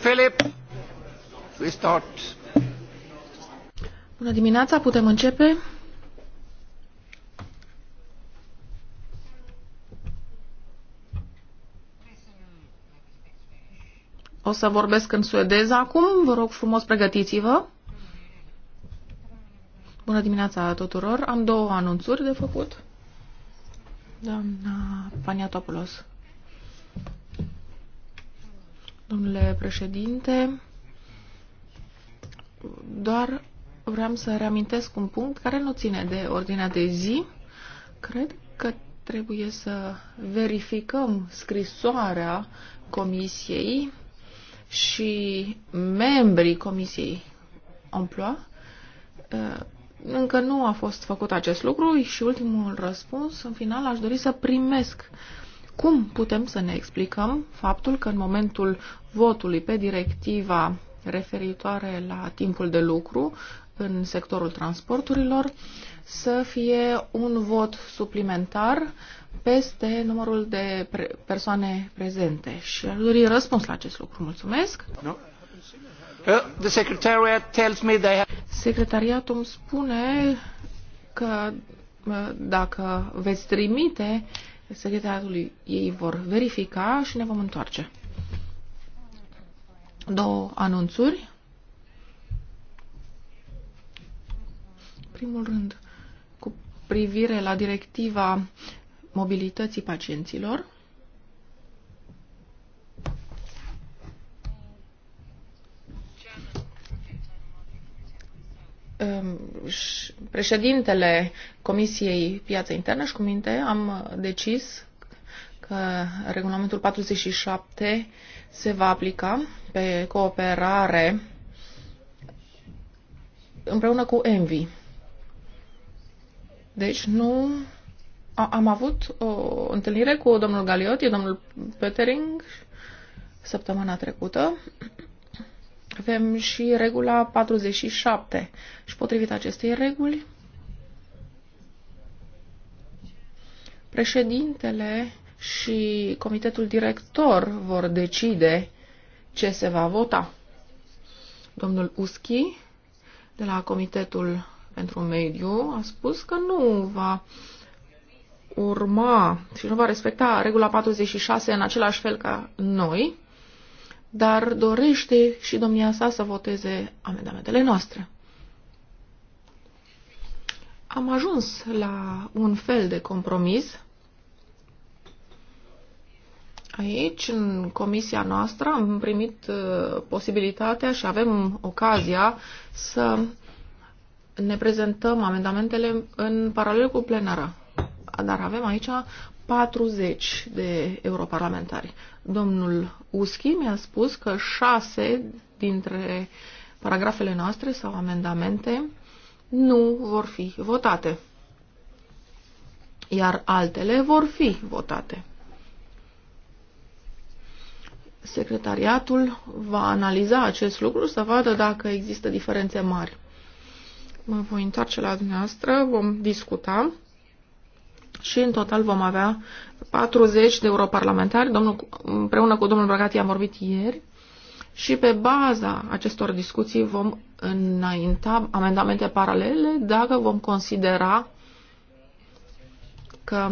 Philip, we start. Bună dimineața, putem începe? O să vorbesc în suedeză acum, vă rog frumos pregătiți-vă. Bună dimineața tuturor, am două anunțuri de făcut. Doamna Paniatopoulos. Domnule președinte, doar vreau să reamintesc un punct care nu ține de ordinea de zi. Cred că trebuie să verificăm scrisoarea comisiei și membrii comisiei Omploa. Uh, încă nu a fost făcut acest lucru și ultimul răspuns, în final, aș dori să primesc uh, cum putem să ne explicăm faptul că în momentul votului pe directiva referitoare la timpul de lucru în sectorul transporturilor să fie un vot suplimentar peste numărul de pre persoane prezente. Și aș dori răspuns la acest lucru. Mulțumesc. No. Uh, the secretariat tells me they have... Secretariatul îmi spune că uh, dacă veți trimite uh, secretariatului ei vor verifica și ne vom întoarce. Două anunțuri. Primul rând, cu privire la directiva mobilității pacienților, Um, președintele Comisiei Piață Internă și cu minte am decis că regulamentul 47 se va aplica pe cooperare împreună cu Envi. Deci nu am avut o întâlnire cu domnul Galiot, domnul Petering săptămâna trecută avem și regula 47 și potrivit acestei reguli, președintele și comitetul director vor decide ce se va vota. Domnul Uschi de la Comitetul pentru Mediu a spus că nu va urma și nu va respecta regula 46 în același fel ca noi, dar dorește și domnia sa să voteze amendamentele noastre. Am ajuns la un fel de compromis. Aici, în comisia noastră, am primit uh, posibilitatea și avem ocazia să ne prezentăm amendamentele în paralel cu plenara. Dar avem aici 40 de europarlamentari. Domnul Uschi mi-a spus că șase dintre paragrafele noastre sau amendamente nu vor fi votate, iar altele vor fi votate. Secretariatul va analiza acest lucru să vadă dacă există diferențe mari. Mă voi întoarce la dumneavoastră, vom discuta și în total vom avea 40 de europarlamentari. Domnul, împreună cu domnul Bragati am vorbit ieri și pe baza acestor discuții vom înainta amendamente paralele dacă vom considera că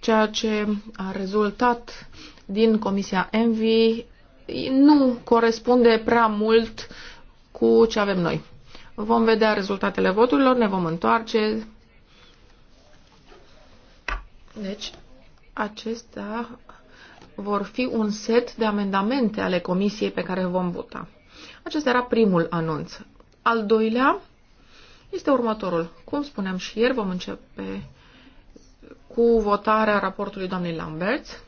ceea ce a rezultat din Comisia Envi nu corespunde prea mult cu ce avem noi. Vom vedea rezultatele voturilor, ne vom întoarce deci, acestea vor fi un set de amendamente ale comisiei pe care vom vota. Acesta era primul anunț. Al doilea este următorul. Cum spuneam și ieri, vom începe cu votarea raportului doamnei Lambert.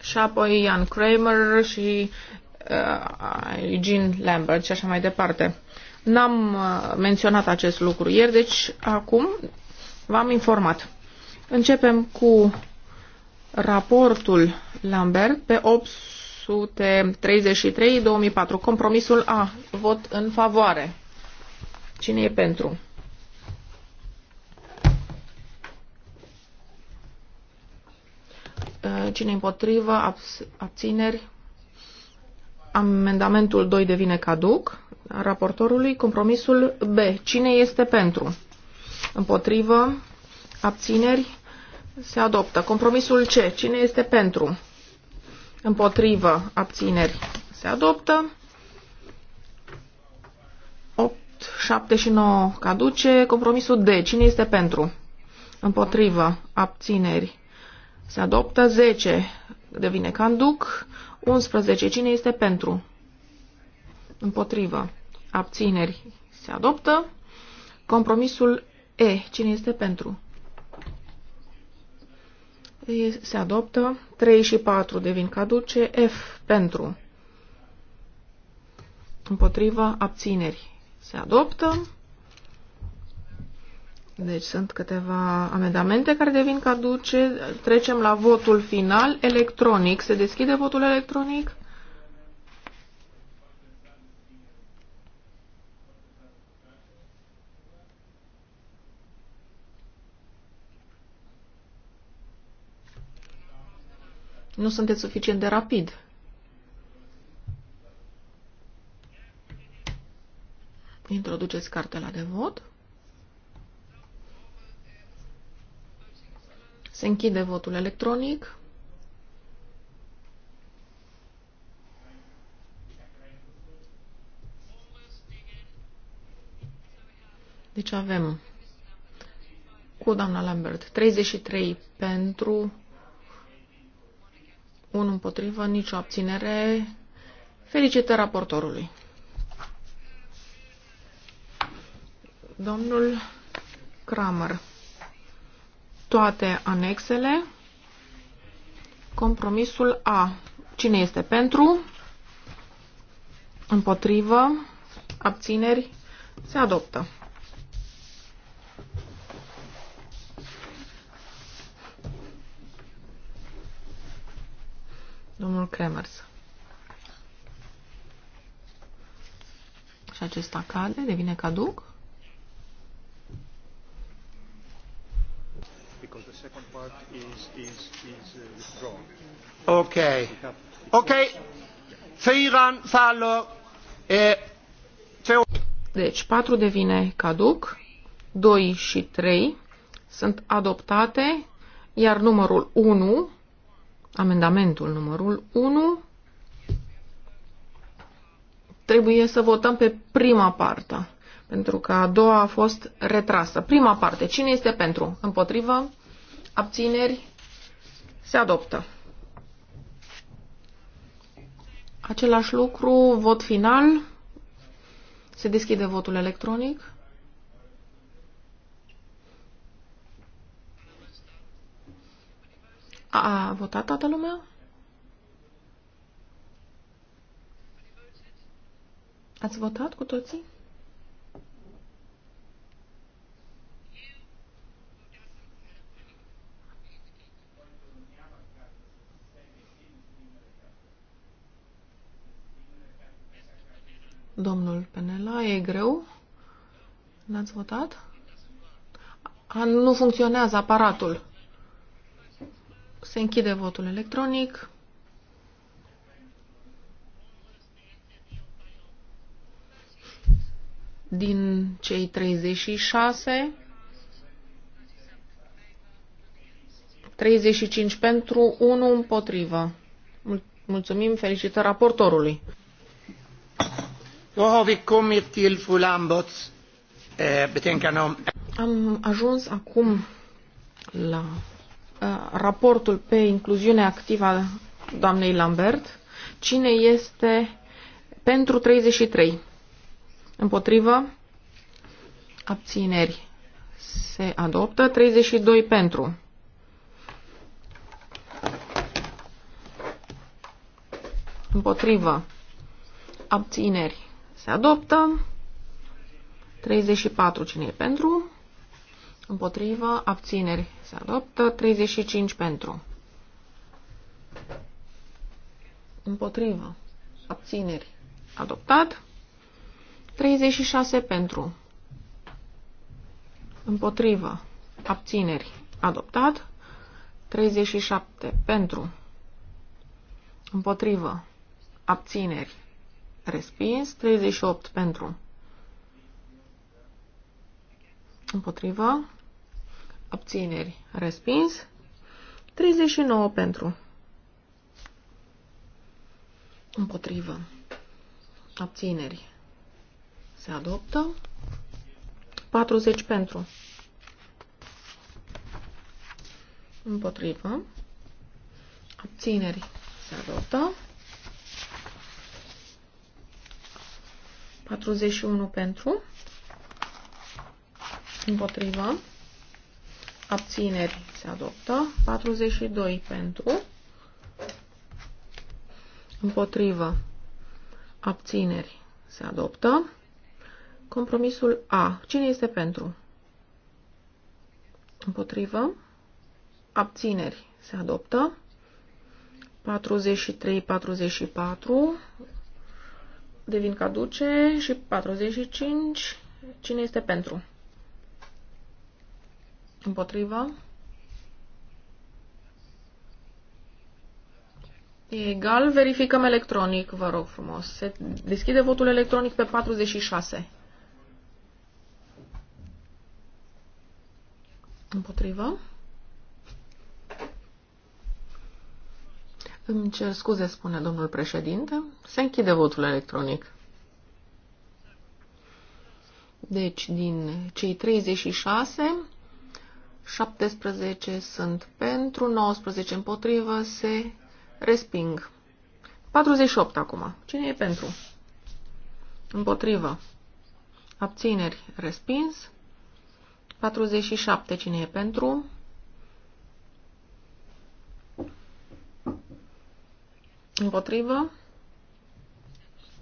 Și apoi Ian Kramer și uh, Eugene Lambert și așa mai departe. Uh, N-am uh, menționat acest lucru ieri, deci acum v-am informat. Începem cu raportul Lambert pe 833-2004. Compromisul A. Vot în favoare. Cine e pentru? Uh, cine împotrivă? Abțineri? Amendamentul 2 devine caduc raportorului. Compromisul B. Cine este pentru? Împotrivă? Abțineri? Se adoptă. Compromisul C. Cine este pentru? Împotrivă? Abțineri? Se adoptă. 8, 7 și 9 caduce. Compromisul D. Cine este pentru? Împotrivă? Abțineri? Se adoptă. 10 devine canduc. 11. Cine este pentru? Împotrivă. Abțineri. Se adoptă. Compromisul E. Cine este pentru? E, se adoptă. 3 și 4 devin caduce. F. Pentru. Împotrivă. Abțineri. Se adoptă. Deci sunt câteva amendamente care devin caduce. Trecem la votul final electronic. Se deschide votul electronic? Nu sunteți suficient de rapid. Introduceți cartela de vot. Se închide votul electronic. Deci avem cu doamna Lambert 33 pentru, 1 împotrivă, nicio abținere. Felicitări raportorului. Domnul Kramer. Toate anexele. Compromisul A. Cine este pentru? Împotrivă. Abțineri. Se adoptă. Domnul Kremers. Și acesta cade, devine caduc. Uh, ok. Ok. Seiran, faller. Deci 4 devine caduc, 2 și 3 sunt adoptate, iar numărul 1 Amendamentul numărul 1. Trebuie să votăm pe prima parte, pentru că a doua a fost retrasă. Prima parte. Cine este pentru? Împotrivă? Abțineri? Se adoptă. Același lucru, vot final. Se deschide votul electronic. A votat toată lumea? Ați votat cu toții? Domnul Penela, e greu? N-ați votat? A, nu funcționează aparatul. Se închide votul electronic. Din cei 36, 35 pentru, 1 împotrivă. Mulțumim, felicitări raportorului. Eh, Am ajuns acum la Uh, raportul pe incluziune activă a doamnei Lambert. Cine este pentru 33? Împotrivă? Abțineri. Se adoptă. 32 pentru. Împotrivă. Abțineri. Se adoptă. 34. Cine e pentru? Împotrivă, abțineri se adoptă. 35 pentru. Împotrivă, abțineri adoptat. 36 pentru. Împotrivă, abțineri adoptat. 37 pentru. Împotrivă, abțineri respins. 38 pentru. Împotrivă. Abțineri. Respins. 39 pentru. Împotrivă. Abțineri. Se adoptă. 40 pentru. Împotrivă. Abțineri. Se adoptă. 41 pentru. Împotrivă abțineri se adoptă, 42 pentru, împotrivă, abțineri se adoptă, compromisul A, cine este pentru? Împotrivă, abțineri se adoptă, 43-44 devin caduce și 45, cine este pentru? Împotrivă. E egal. Verificăm electronic, vă rog frumos. Se deschide votul electronic pe 46. Împotrivă. Îmi cer scuze, spune domnul președinte. Se închide votul electronic. Deci, din cei 36, 17 sunt pentru, 19 împotrivă, se resping. 48 acum. Cine e pentru? Împotrivă. Abțineri, respins. 47. Cine e pentru? Împotrivă.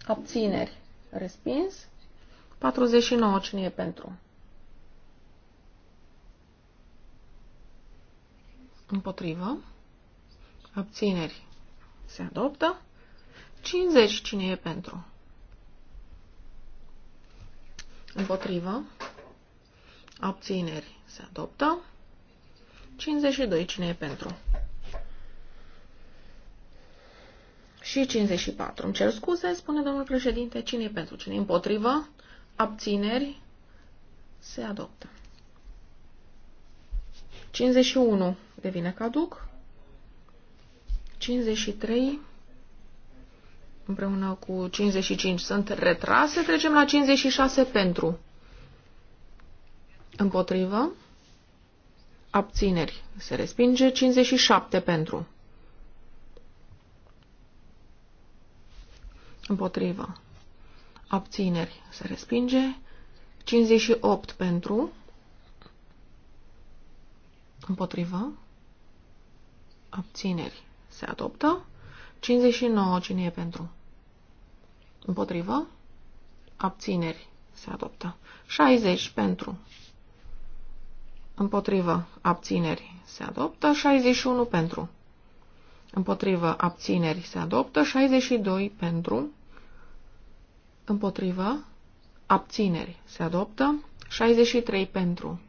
Abțineri, respins. 49. Cine e pentru? Împotrivă. Abțineri. Se adoptă. 50. Cine e pentru? Împotrivă. Abțineri. Se adoptă. 52. Cine e pentru? Și 54. Îmi cer scuze, spune domnul președinte. Cine e pentru? Cine e împotrivă? Abțineri. Se adoptă. 51 devine caduc. 53 împreună cu 55 sunt retrase. Trecem la 56 pentru. Împotrivă. Abțineri. Se respinge. 57 pentru. Împotrivă. Abțineri. Se respinge. 58 pentru. Împotrivă. Abțineri. Se adoptă. 59. Cine e pentru? Împotrivă. Abțineri. Se adoptă. 60. Pentru. Împotrivă. Abțineri. Se adoptă. 61. Pentru. Împotrivă. Abțineri. Se adoptă. 62. Pentru. Împotrivă. Abțineri. Se adoptă. 63. Pentru.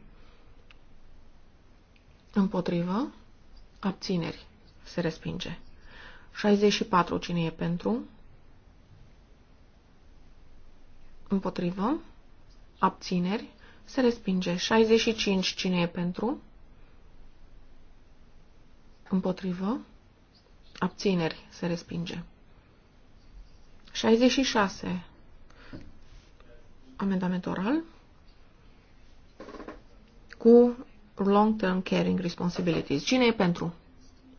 Împotrivă. Abțineri. Se respinge. 64. Cine e pentru? Împotrivă. Abțineri. Se respinge. 65. Cine e pentru? Împotrivă. Abțineri. Se respinge. 66. Amendament oral. Cu long-term caring responsibilities. Cine e pentru?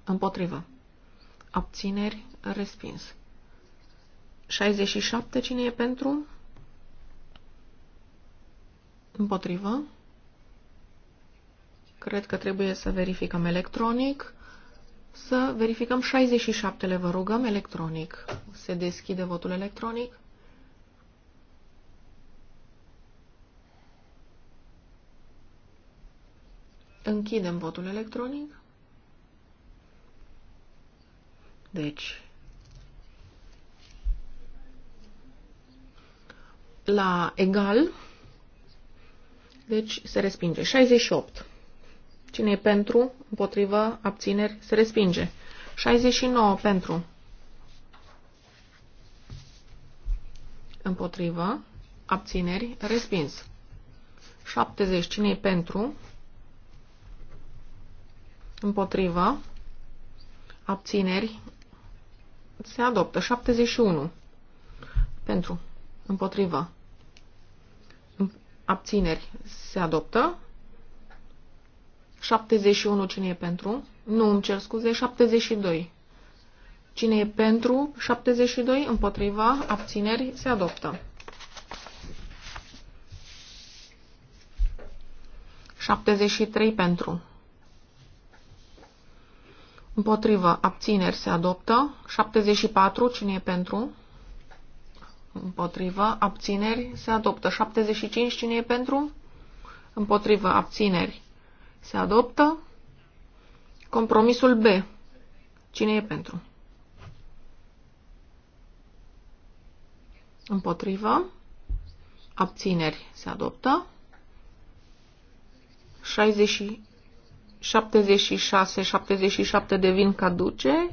Împotrivă. Abțineri, respins. 67, cine e pentru? Împotrivă. Cred că trebuie să verificăm electronic. Să verificăm 67-le, vă rugăm, electronic. Se deschide votul electronic. Închidem votul electronic. Deci, la egal, deci se respinge. 68. Cine e pentru, împotrivă, abțineri, se respinge. 69 pentru, împotrivă, abțineri, respins. 70. Cine e pentru, Împotrivă. Abțineri. Se adoptă. 71. Pentru. Împotrivă. Abțineri. Se adoptă. 71. Cine e pentru? Nu, îmi cer scuze. 72. Cine e pentru 72, împotriva, abțineri, se adoptă. 73 pentru, Împotrivă. Abțineri se adoptă. 74. Cine e pentru? Împotrivă. Abțineri se adoptă. 75. Cine e pentru? Împotrivă. Abțineri se adoptă. Compromisul B. Cine e pentru? Împotrivă. Abțineri se adoptă. 60. 76, 77 devin caduce.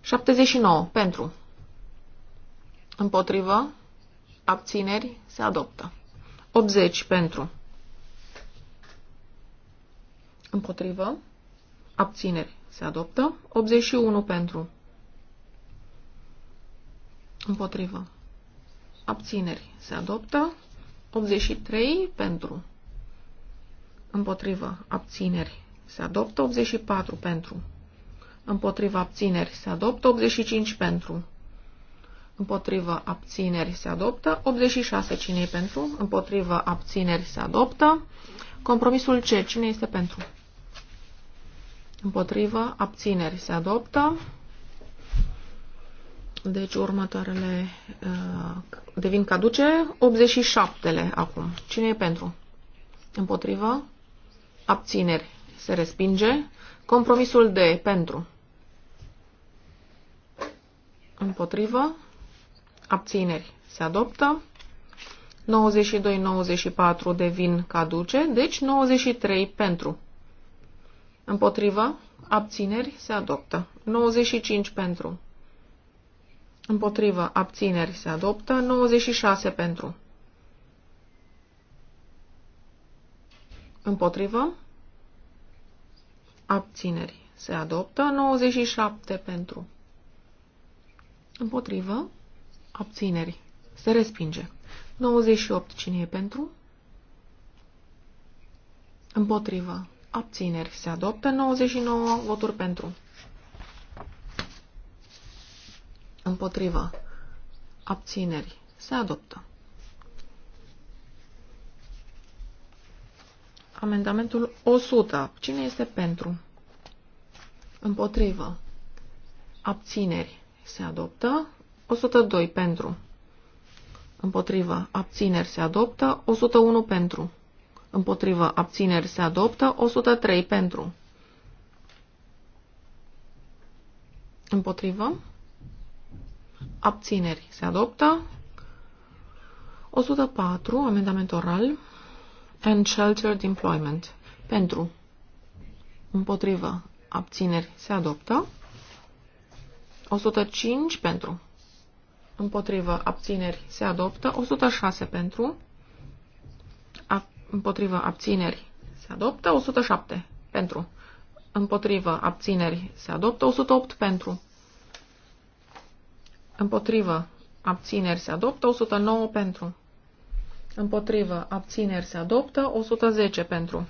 79 pentru. Împotrivă. Abțineri. Se adoptă. 80 pentru. Împotrivă. Abțineri. Se adoptă. 81 pentru. Împotrivă. Abțineri. Se adoptă. 83 pentru. Împotrivă. Abțineri se adoptă 84 pentru. Împotriva abțineri se adoptă 85 pentru. Împotriva abțineri se adoptă 86 cine e pentru. Împotriva abțineri se adoptă. Compromisul C. Cine este pentru? Împotriva abțineri se adoptă. Deci următoarele uh, devin caduce. 87-le acum. Cine e pentru? Împotriva? Abțineri. Se respinge. Compromisul de Pentru. Împotrivă. Abțineri. Se adoptă. 92-94 devin caduce, deci 93 pentru. Împotrivă. Abțineri. Se adoptă. 95 pentru. Împotrivă. Abțineri. Se adoptă. 96 pentru. Împotrivă abțineri se adoptă, 97 pentru, împotrivă, abțineri se respinge, 98 cine e pentru, împotrivă, abțineri se adoptă, 99 voturi pentru, împotrivă, abțineri se adoptă. Amendamentul 100. Cine este pentru? Împotrivă. Abțineri. Se adoptă. 102 pentru. Împotrivă. Abțineri. Se adoptă. 101 pentru. Împotrivă. Abțineri. Se adoptă. 103 pentru. Împotrivă. Abțineri. Se adoptă. 104. Amendament oral and sheltered employment. Pentru. Împotrivă. Abțineri. Se adoptă. 105 pentru. Împotrivă. Abțineri. Se adoptă. 106 pentru. A, împotrivă. Abțineri. Se adoptă. 107 pentru. Împotrivă. Abțineri. Se adoptă. 108 pentru. Împotrivă. Abțineri. Se adoptă. 109 pentru. Împotrivă abțineri se adoptă. 110 pentru.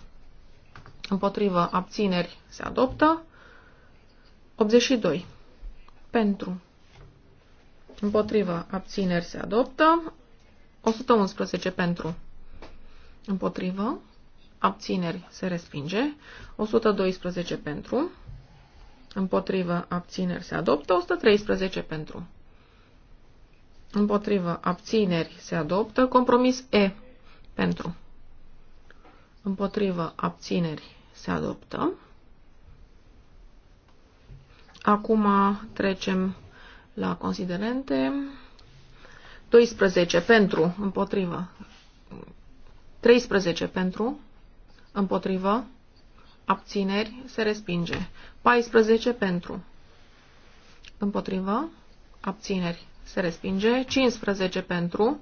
Împotrivă abțineri se adoptă. 82 pentru. Împotrivă abțineri se adoptă. 111 pentru. Împotrivă. Abțineri se respinge. 112 pentru. Împotrivă abțineri se adoptă. 113 pentru. Împotrivă. Abțineri. Se adoptă. Compromis E. Pentru. Împotrivă. Abțineri. Se adoptă. Acum trecem la considerente. 12 pentru, împotrivă. 13 pentru, împotrivă. Abțineri, se respinge. 14 pentru, împotrivă. Abțineri, se respinge, 15 pentru,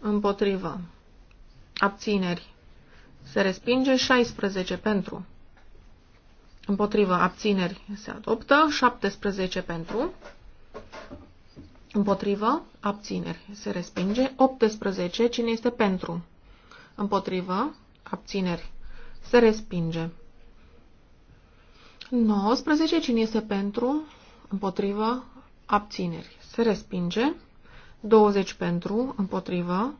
împotrivă, abțineri, se respinge, 16 pentru, împotrivă, abțineri, se adoptă, 17 pentru, împotrivă, abțineri, se respinge, 18, cine este pentru, împotrivă, abțineri, se respinge. 19. Cine este pentru? Împotrivă? abțineri, se respinge. 20 pentru, împotrivă.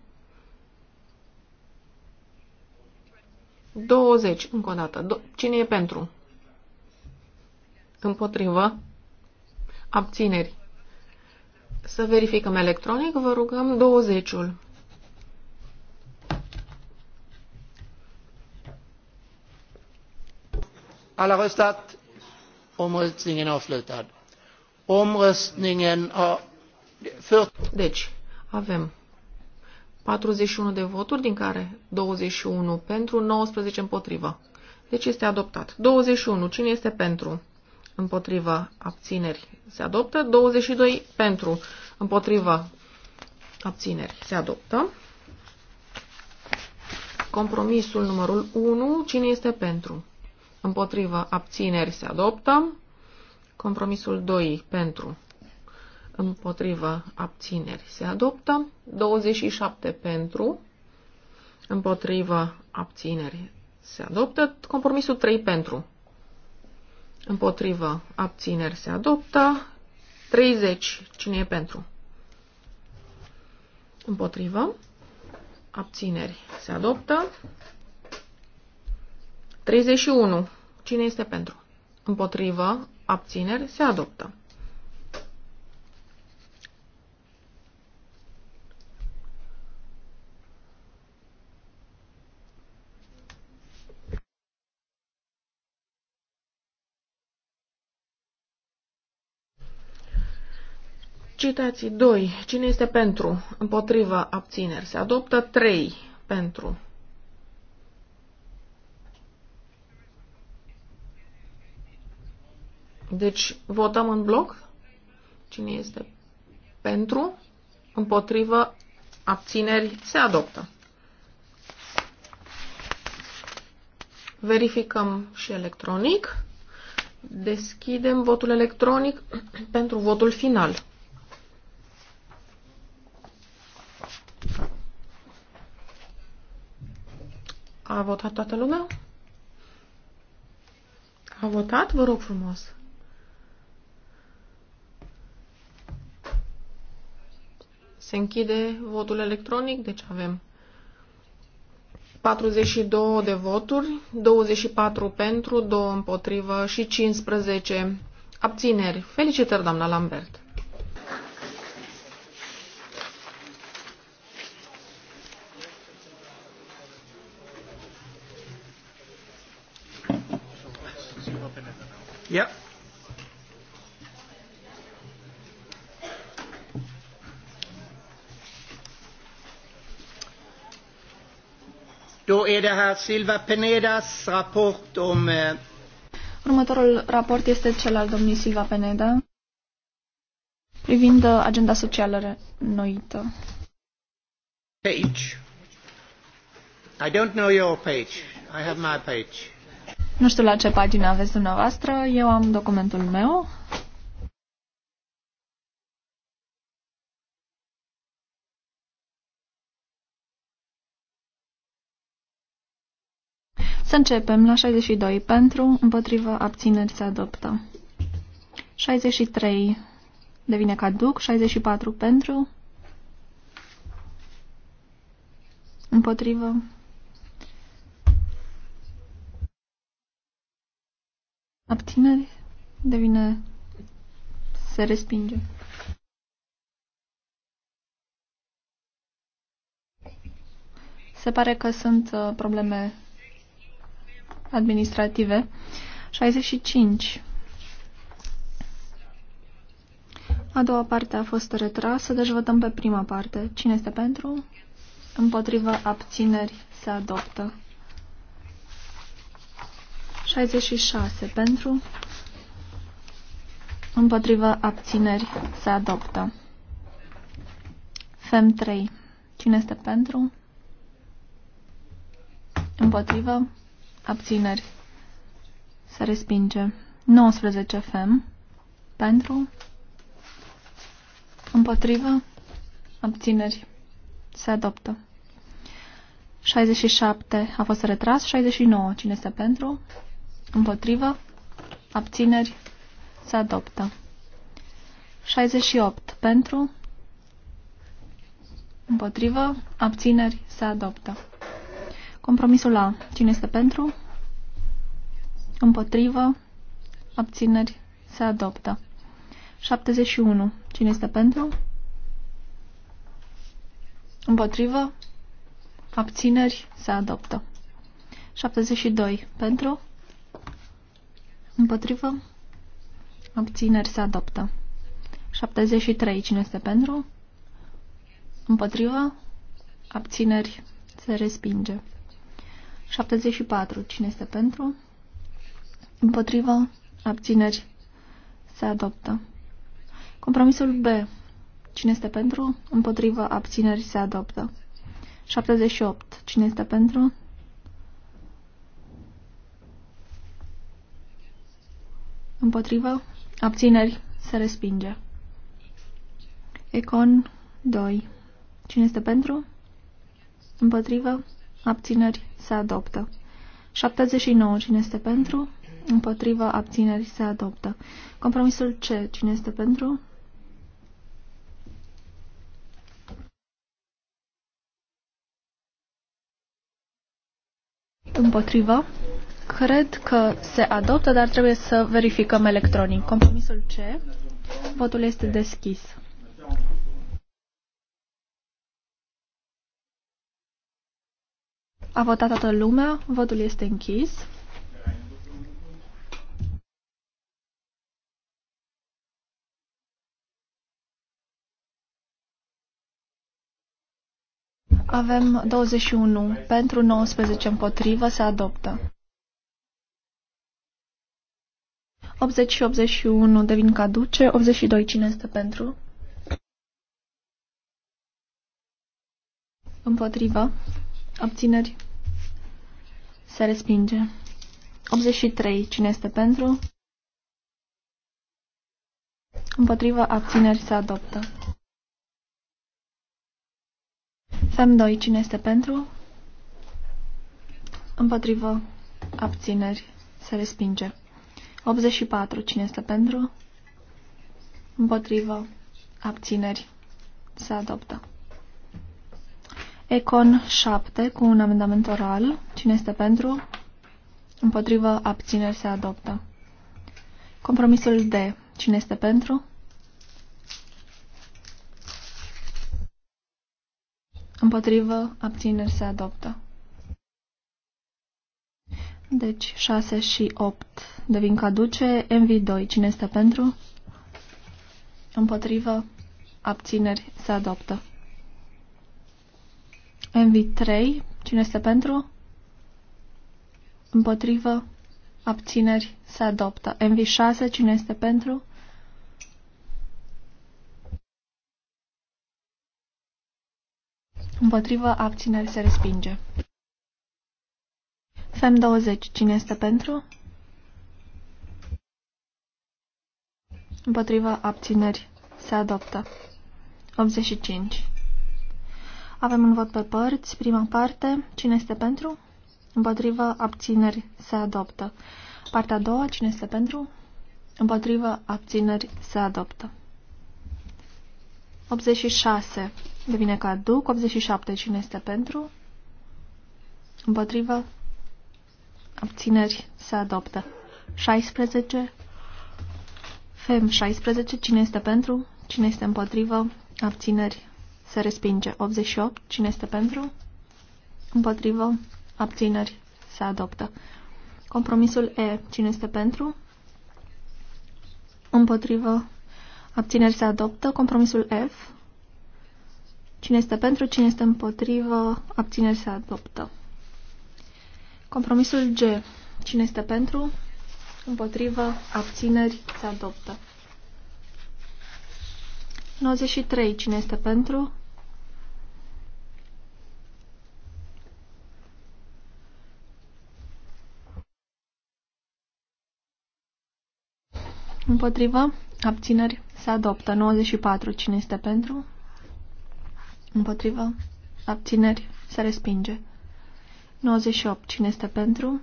20, încă o dată. Cine e pentru? Împotrivă. Abțineri. Să verificăm electronic, vă rugăm 20-ul. Alla röstat och omröstningen avslutad. Omröstningen Deci, avem 41 de voturi, din care 21 pentru, 19 împotrivă. Deci este adoptat. 21. Cine este pentru? Împotrivă. Abțineri. Se adoptă. 22. Pentru. Împotrivă. Abțineri. Se adoptă. Compromisul numărul 1. Cine este pentru? Împotrivă. Abțineri. Se adoptă. Compromisul 2 pentru împotrivă abțineri se adoptă. 27 pentru împotrivă abțineri se adoptă. Compromisul 3 pentru împotrivă abțineri se adoptă. 30 cine e pentru? Împotrivă. Abțineri. Se adoptă. 31. Cine este pentru? Împotrivă abțineri, se adoptă. Citații 2. Cine este pentru? Împotrivă abțineri. Se adoptă 3 pentru Deci votăm în bloc. Cine este pentru? Împotrivă? Abțineri? Se adoptă. Verificăm și electronic. Deschidem votul electronic pentru votul final. A votat toată lumea? A votat? Vă rog frumos. Se închide votul electronic, deci avem 42 de voturi, 24 pentru, 2 împotrivă și 15 abțineri. Felicitări, doamna Lambert! Yep. Då är det här Silva Penedas rapport om... Eh, Următorul raport este cel al domnului Silva Peneda privind uh, agenda socială noită. Page. I don't know your page. I have my page. Nu știu la ce pagină aveți dumneavoastră, eu am documentul meu. Să începem la 62. Pentru, împotrivă, abțineri se adoptă. 63 devine caduc, 64 pentru, împotrivă. Abțineri devine, se respinge. Se pare că sunt uh, probleme administrative. 65. A doua parte a fost retrasă, deci votăm pe prima parte. Cine este pentru? Împotriva abțineri se adoptă. 66. Pentru? Împotriva abțineri se adoptă. FEM 3. Cine este pentru? Împotrivă? abțineri, se respinge. 19 fem, pentru, împotrivă, abțineri, se adoptă. 67 a fost retras, 69 cine este pentru, împotrivă, abțineri, se adoptă. 68 pentru, împotrivă, abțineri, se adoptă. Compromisul A. Cine este pentru? Împotrivă. Abțineri. Se adoptă. 71. Cine este pentru? Împotrivă. Abțineri. Se adoptă. 72. Pentru? Împotrivă. Abțineri. Se adoptă. 73. Cine este pentru? Împotrivă. Abțineri. Se respinge. 74. Cine este pentru? Împotrivă? Abțineri? Se adoptă. Compromisul B. Cine este pentru? Împotrivă? Abțineri? Se adoptă. 78. Cine este pentru? Împotrivă? Abțineri? Se respinge. Econ 2. Cine este pentru? Împotrivă? abțineri, se adoptă. 79. Cine este pentru? Împotriva, abțineri, se adoptă. Compromisul C. Cine este pentru? Împotriva. Cred că se adoptă, dar trebuie să verificăm electronic. Compromisul C. Votul este deschis. A votat toată lumea, votul este închis. Avem 21 pentru 19 împotrivă, se adoptă. 80 și 81 devin caduce, 82 cine este pentru? Împotrivă. Abțineri. Se respinge. 83. Cine este pentru? Împotriva abțineri se adoptă. Fem 2. Cine este pentru? Împotrivă abțineri se respinge. 84. Cine este pentru? Împotrivă abțineri se adoptă. Econ 7 cu un amendament oral. Cine este pentru? Împotrivă abțineri se adoptă. Compromisul D. Cine este pentru? Împotrivă abțineri se adoptă. Deci 6 și 8 devin caduce. MV2. Cine este pentru? Împotrivă abțineri se adoptă. MV3. Cine este pentru? Împotrivă. Abțineri. Se adoptă. MV6. Cine este pentru? Împotrivă. Abțineri. Se respinge. FEM 20. Cine este pentru? Împotrivă. Abțineri. Se adoptă. 85. Avem un vot pe părți. Prima parte, cine este pentru? Împotrivă, abțineri, se adoptă. Partea a doua, cine este pentru? Împotrivă, abțineri, se adoptă. 86. Devine caduc. 87. Cine este pentru? Împotrivă? Abțineri. Se adoptă. 16. Fem 16. Cine este pentru? Cine este împotrivă? Abțineri. Se respinge. 88. Cine este pentru? Împotrivă. Abțineri. Se adoptă. Compromisul E. Cine este pentru? Împotrivă. Abțineri se adoptă. Compromisul F. Cine este pentru, cine este împotrivă, abțineri se adoptă. Compromisul G. Cine este pentru, împotrivă, abțineri se adoptă. 93. Cine este pentru, Împotrivă. Abțineri. Se adoptă. 94. Cine este pentru? Împotrivă. Abțineri. Se respinge. 98. Cine este pentru?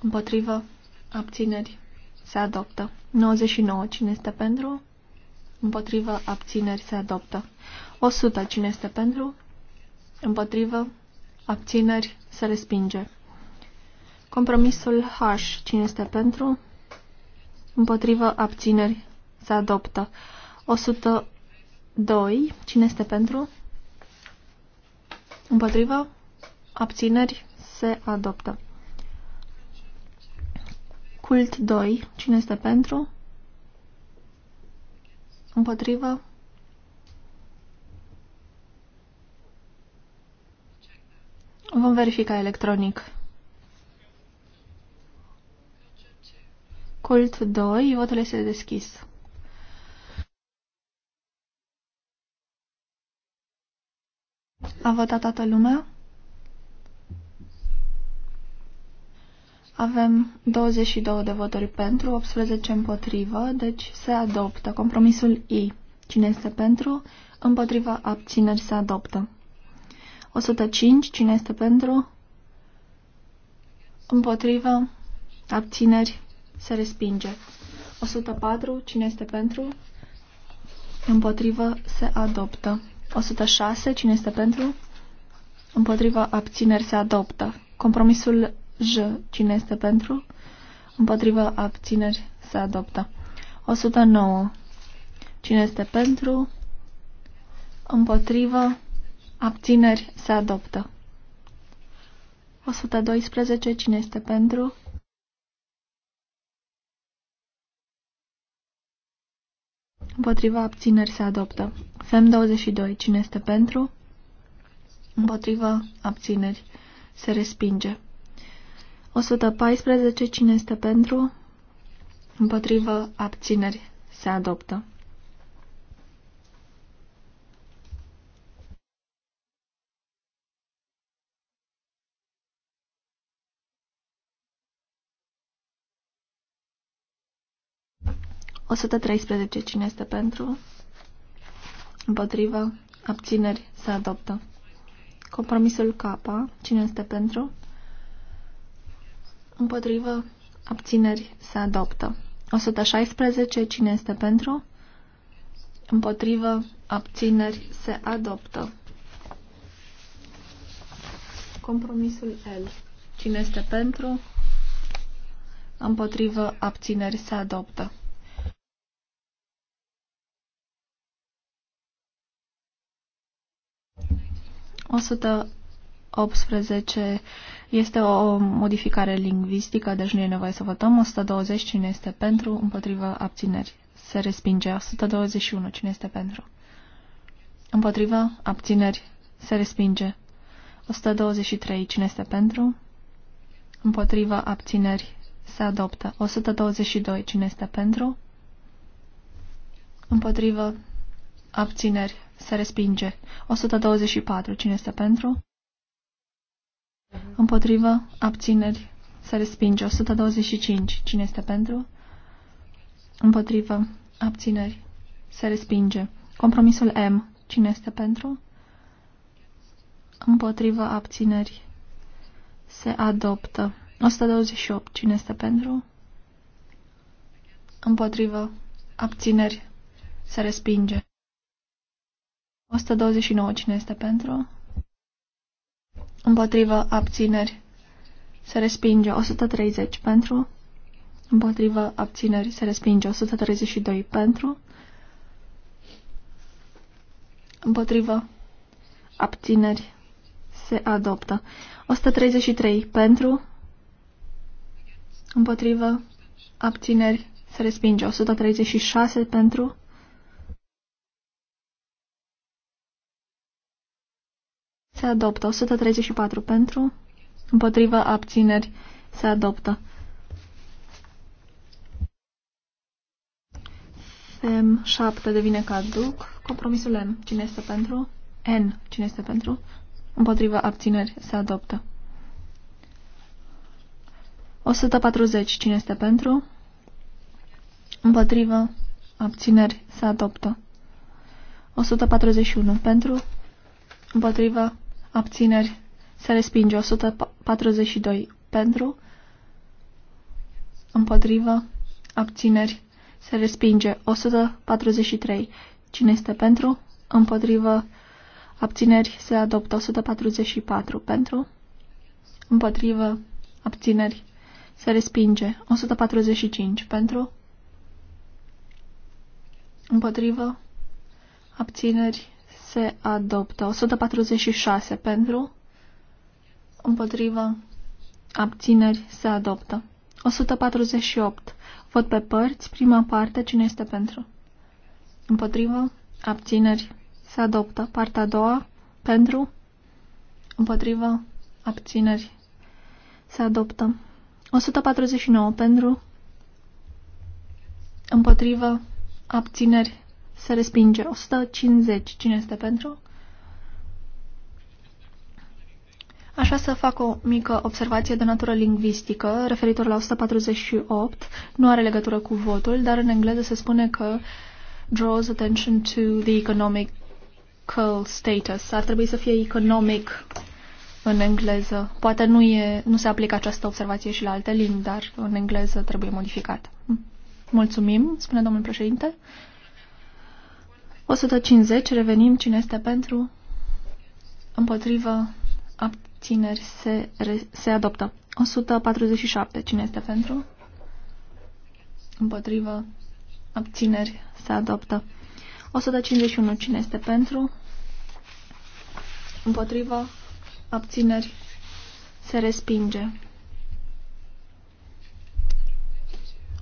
Împotrivă. Abțineri. Se adoptă. 99. Cine este pentru? Împotrivă. Abțineri. Se adoptă. 100. Cine este pentru? Împotrivă. Abțineri. Se respinge. Compromisul H. Cine este pentru? împotrivă, abțineri, se adoptă. 102, cine este pentru? Împotrivă, abțineri, se adoptă. Cult 2, cine este pentru? Împotrivă, Vom verifica electronic. Cult 2, votul este deschis. A votat toată lumea? Avem 22 de voturi pentru, 18 împotrivă, deci se adoptă. Compromisul I. Cine este pentru? Împotriva abțineri se adoptă. 105. Cine este pentru? Împotrivă. Abțineri. Se respinge. 104. Cine este pentru? Împotrivă. Se adoptă. 106. Cine este pentru? Împotrivă. Abțineri. Se adoptă. Compromisul J. Cine este pentru? Împotrivă. Abțineri. Se adoptă. 109. Cine este pentru? Împotrivă. Abțineri. Se adoptă. 112. Cine este pentru? Împotriva abțineri se adoptă. FEM 22. Cine este pentru? Împotriva abțineri se respinge. 114. Cine este pentru? Împotriva abțineri se adoptă. 113. Cine este pentru? Împotrivă. Abțineri. Se adoptă. Compromisul K. Cine este pentru? Împotrivă. Abțineri. Se adoptă. 116. Cine este pentru? Împotrivă. Abțineri. Se adoptă. Compromisul L. Cine este pentru? Împotrivă. Abțineri. Se adoptă. 118 este o modificare lingvistică, deci nu e nevoie să votăm. 120 cine este pentru, împotriva abțineri. Se respinge. 121 cine este pentru. Împotriva abțineri. Se respinge. 123 cine este pentru. Împotriva abțineri. Se adoptă. 122 cine este pentru. Împotrivă. Abțineri. Se respinge. 124. Cine este pentru? Împotrivă. Abțineri. Se respinge. 125. Cine este pentru? Împotrivă. Abțineri. Se respinge. Compromisul M. Cine este pentru? Împotrivă. Abțineri. Se adoptă. 128. Cine este pentru? Împotrivă. Abțineri. Se respinge. 129. Cine este pentru? Împotrivă abțineri se respinge 130 pentru, împotrivă abțineri se respinge 132 pentru, împotrivă abțineri se adoptă 133 pentru, împotrivă abțineri se respinge 136 pentru, se adoptă. 134 pentru, împotriva abțineri, se adoptă. Fem 7 devine caduc. Compromisul M. Cine este pentru? N. Cine este pentru? Împotriva abțineri se adoptă. 140. Cine este pentru? Împotriva abțineri se adoptă. 141. Pentru? Împotriva abțineri, se respinge 142 pentru, împotrivă, abțineri, se respinge 143. Cine este pentru, împotrivă, abțineri, se adoptă 144 pentru, împotrivă, abțineri, se respinge 145 pentru, împotrivă, abțineri, se adoptă. 146 pentru, împotrivă, abțineri, se adoptă. 148. Vot pe părți, prima parte, cine este pentru? Împotrivă, abțineri, se adoptă. Partea a doua, pentru, împotrivă, abțineri, se adoptă. 149 pentru, împotrivă, abțineri, se respinge. 150. Cine este pentru? Aș vrea să fac o mică observație de natură lingvistică referitor la 148. Nu are legătură cu votul, dar în engleză se spune că draws attention to the economic status. Ar trebui să fie economic în engleză. Poate nu, e, nu se aplică această observație și la alte limbi, dar în engleză trebuie modificat. Mulțumim, spune domnul președinte. 150, revenim, cine este pentru, împotrivă, abțineri, se, re, se adoptă. 147, cine este pentru, împotrivă, abțineri, se adoptă. 151, cine este pentru, împotrivă, abțineri, se respinge.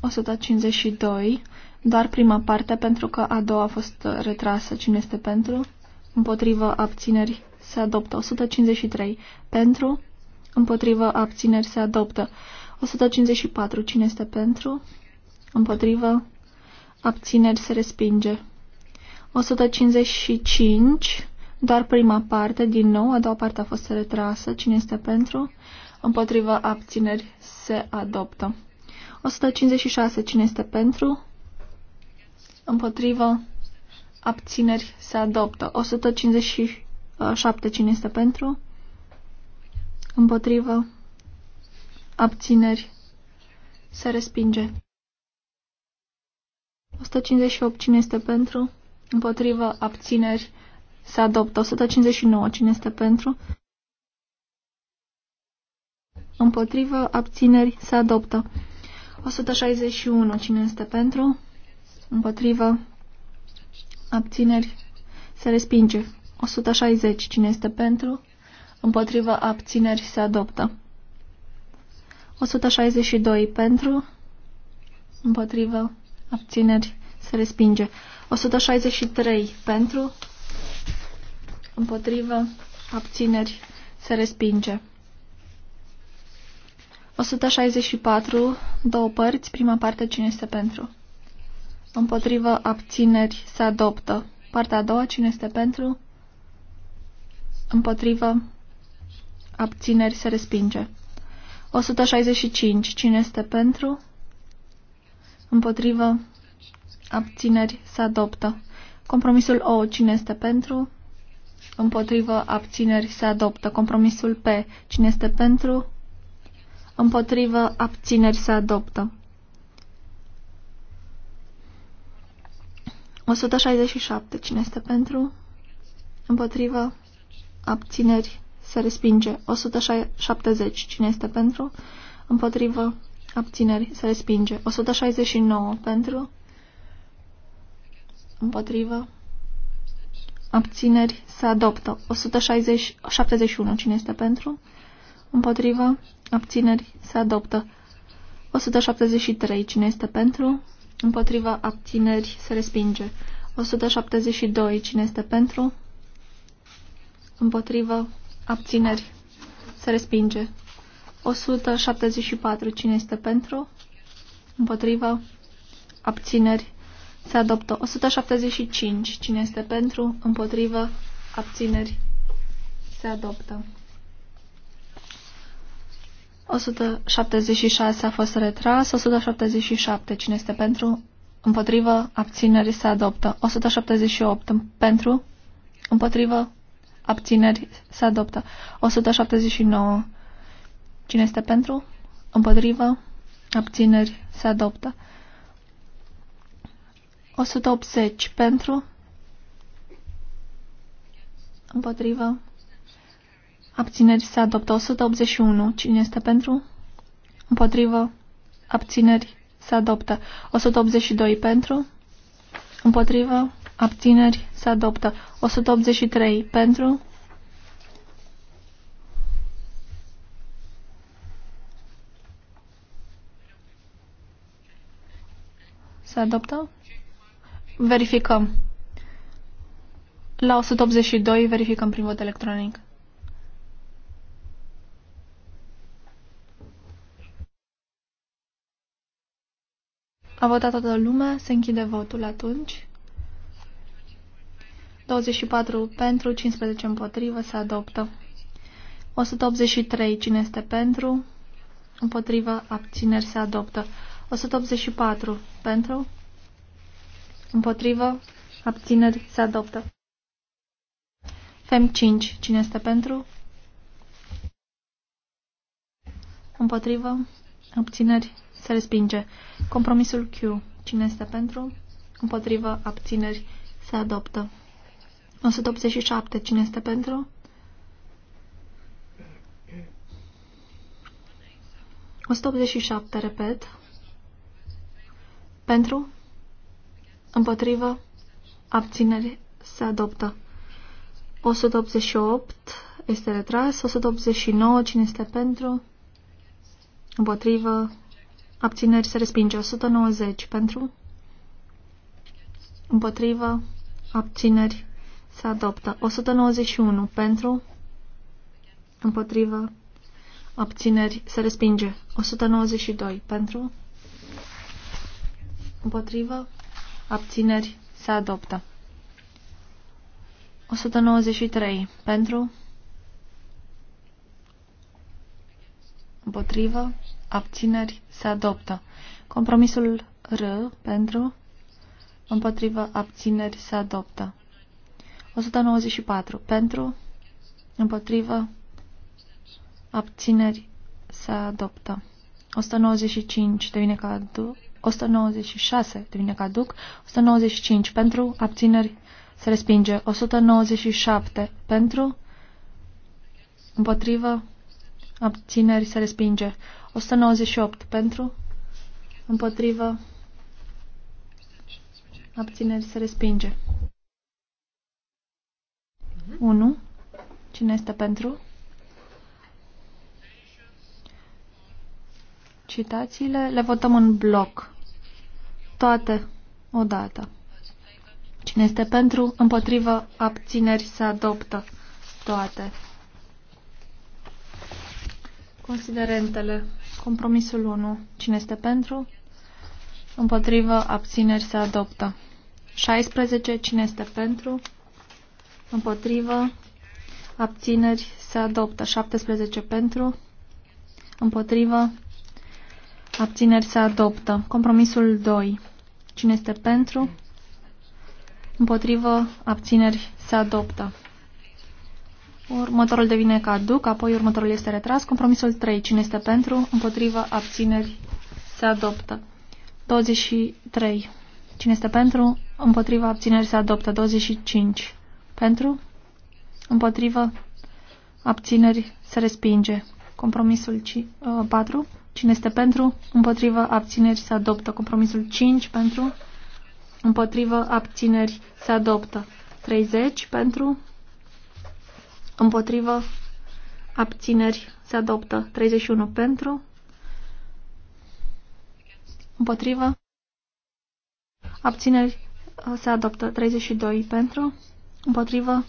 152, doar prima parte, pentru că a doua a fost retrasă. Cine este pentru? Împotrivă abțineri se adoptă. 153. Pentru? Împotrivă abțineri se adoptă. 154. Cine este pentru? Împotrivă abțineri se respinge. 155. Doar prima parte, din nou, a doua parte a fost retrasă. Cine este pentru? Împotrivă abțineri se adoptă. 156. Cine este pentru? împotrivă, abțineri se adoptă. 157 cine este pentru, împotrivă, abțineri se respinge. 158 cine este pentru, împotrivă, abțineri se adoptă. 159 cine este pentru, împotrivă, abțineri se adoptă. 161 cine este pentru, Împotrivă. Abțineri. Se respinge. 160. Cine este pentru? Împotrivă. Abțineri. Se adoptă. 162. Pentru. Împotrivă. Abțineri. Se respinge. 163. Pentru. Împotrivă. Abțineri. Se respinge. 164, două părți, prima parte, cine este pentru? Împotrivă abțineri se adoptă. Partea a doua, cine este pentru? Împotrivă abțineri se respinge. 165. Cine este pentru? Împotrivă abțineri se adoptă. Compromisul O. Cine este pentru? Împotrivă abțineri se adoptă. Compromisul P. Cine este pentru? Împotrivă abțineri se adoptă. 167. Cine este pentru? Împotrivă? Abțineri? Se respinge. 170. Cine este pentru? Împotrivă? Abțineri? Se respinge. 169. Pentru? Împotrivă? Abțineri? Se adoptă. 171. Cine este pentru? Împotrivă? Abțineri? Se adoptă. 173. Cine este pentru? Împotriva abțineri se respinge. 172. Cine este pentru? Împotriva abțineri se respinge. 174. Cine este pentru? Împotriva abțineri se adoptă. 175. Cine este pentru? Împotriva abțineri se adoptă. 176 a fost retras, 177 cine este pentru, împotrivă, abțineri se adoptă, 178 pentru, împotrivă, abțineri se adoptă, 179 cine este pentru, împotrivă, abțineri se adoptă, 180 pentru, împotrivă, Abțineri se adoptă 181. Cine este pentru? Împotrivă. Abțineri se adoptă 182 pentru. Împotrivă. Abțineri se adoptă 183 pentru. Se adoptă? Verificăm. La 182 verificăm prin vot electronic. A votat toată lumea, se închide votul atunci. 24 pentru, 15 împotrivă, se adoptă. 183, cine este pentru? Împotrivă, abțineri, se adoptă. 184, pentru? Împotrivă, abțineri, se adoptă. FEM 5, cine este pentru? Împotrivă, abțineri, se respinge. Compromisul Q. Cine este pentru? Împotrivă. Abțineri. Se adoptă. 187. Cine este pentru? 187. Repet. Pentru? Împotrivă. Abțineri. Se adoptă. 188 este retras, 189 cine este pentru, împotrivă, Abțineri se respinge. 190 pentru. Împotrivă. Abțineri se adoptă. 191 pentru. Împotrivă. Abțineri se respinge. 192 pentru. Împotrivă. Abțineri se adoptă. 193 pentru. Împotrivă abțineri, se adoptă. Compromisul R pentru, împotrivă, abțineri, se adoptă. 194 pentru, împotrivă, abțineri, se adoptă. 195 devine caduc, 196 devine caduc, 195 pentru, abțineri, se respinge, 197 pentru, împotrivă, abțineri, se respinge, 198 pentru, împotrivă, abțineri se respinge. 1. Cine este pentru? Citațiile le votăm în bloc. Toate odată. Cine este pentru, împotrivă, abțineri se adoptă toate. Considerentele. Compromisul 1. Cine este pentru? Împotrivă, abțineri se adoptă. 16. Cine este pentru? Împotrivă, abțineri se adoptă. 17 pentru, împotrivă, abțineri se adoptă. Compromisul 2. Cine este pentru? Împotrivă, abțineri se adoptă. Următorul devine caduc, apoi următorul este retras. Compromisul 3. Cine este pentru? împotriva Abțineri? Se adoptă. 23. Cine este pentru? împotriva Abțineri? Se adoptă. 25. Pentru? împotriva Abțineri? Se respinge. Compromisul 4. Uh, Cine este pentru? împotriva Abțineri? Se adoptă. Compromisul 5. Pentru? împotriva Abțineri? Se adoptă. 30. Pentru? Împotrivă. Abțineri. Se adoptă. 31 pentru. Împotrivă. Abțineri. Se adoptă. 32 pentru. Împotrivă.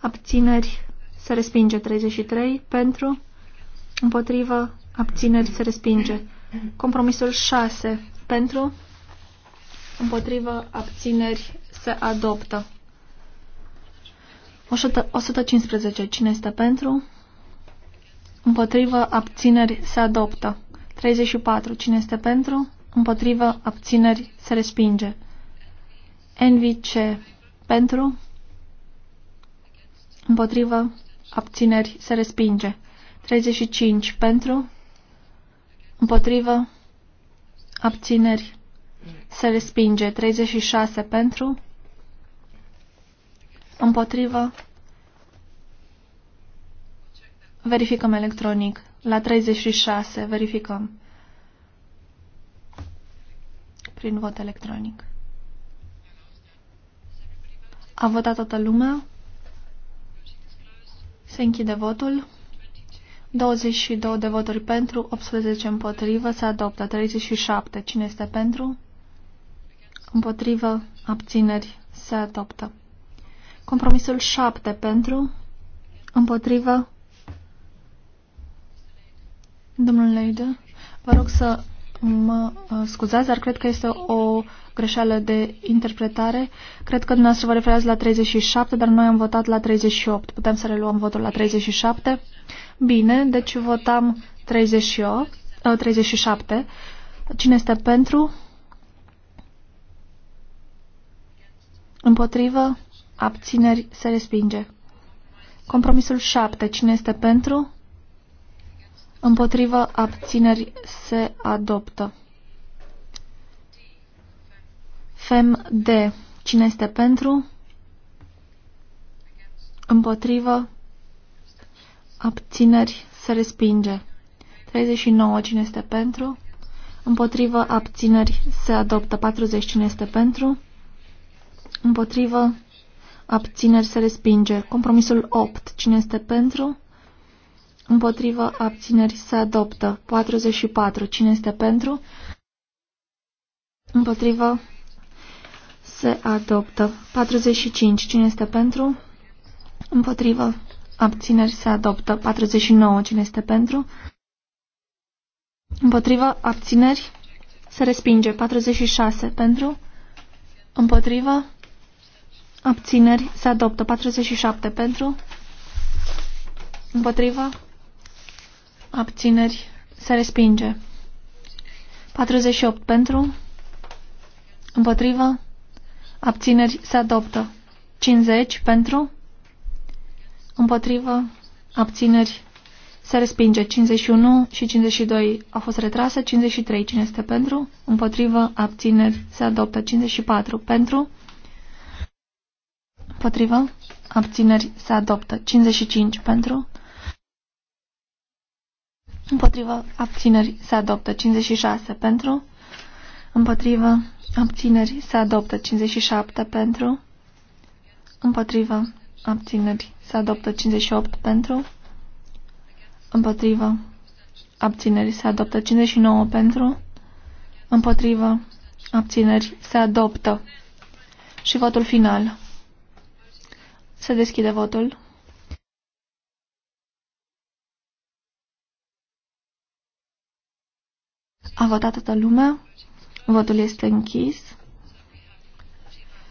Abțineri. Se respinge. 33 pentru. Împotrivă. Abțineri. Se respinge. Compromisul 6 pentru. Împotrivă. Abțineri. Se adoptă. 115. Cine este pentru? Împotrivă, abțineri, se adoptă. 34. Cine este pentru? Împotrivă, abțineri, se respinge. NVC. Pentru? Împotrivă, abțineri, se respinge. 35. Pentru? Împotrivă, abțineri, se respinge. 36. Pentru? Împotrivă. Verificăm electronic. La 36 verificăm. Prin vot electronic. A votat toată lumea. Se închide votul. 22 de voturi pentru, 18 împotrivă, se adoptă 37. Cine este pentru? Împotrivă, abțineri, se adoptă. Compromisul 7 pentru, împotrivă, domnul Leide, vă rog să mă uh, scuzați, dar cred că este o greșeală de interpretare. Cred că dumneavoastră vă referați la 37, dar noi am votat la 38. Putem să reluăm votul la 37? Bine, deci votam 38, 37. Uh, Cine este pentru? Împotrivă? abțineri, se respinge. Compromisul 7. Cine este pentru? Împotrivă, abțineri, se adoptă. Fem D. Cine este pentru? Împotrivă, abțineri, se respinge. 39. Cine este pentru? Împotrivă, abțineri, se adoptă. 40. Cine este pentru? Împotrivă, Abțineri se respinge. Compromisul 8. Cine este pentru? Împotrivă abțineri se adoptă. 44. Cine este pentru? Împotrivă se adoptă. 45. Cine este pentru? Împotrivă abțineri se adoptă. 49. Cine este pentru? Împotrivă abțineri se respinge. 46. Pentru? Împotrivă Abțineri se adoptă. 47 pentru. Împotriva. Abțineri se respinge. 48 pentru. Împotriva. Abțineri se adoptă. 50 pentru. Împotriva. Abțineri se respinge. 51 și 52 au fost retrase. 53 cine este pentru. Împotrivă. Abțineri se adoptă. 54 pentru. Potrivă. Abțineri se adoptă. 55 pentru. Împotrivă. Abțineri se adoptă. 56 pentru. Împotrivă. Abțineri se adoptă. 57 pentru. Împotrivă. Abțineri se adoptă. 58 pentru. Împotrivă. Abțineri se adoptă. 59 pentru. Împotrivă. Abțineri se adoptă. Și votul final. Se deschide votul. A votat toată lumea. Votul este închis.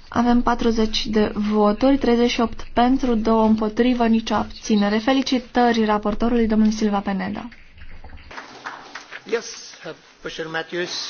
Avem 40 de voturi, 38 pentru, 2 împotrivă, nicio abținere. Felicitări raportorului, domnul Silva Peneda. Yes, uh, Matthews.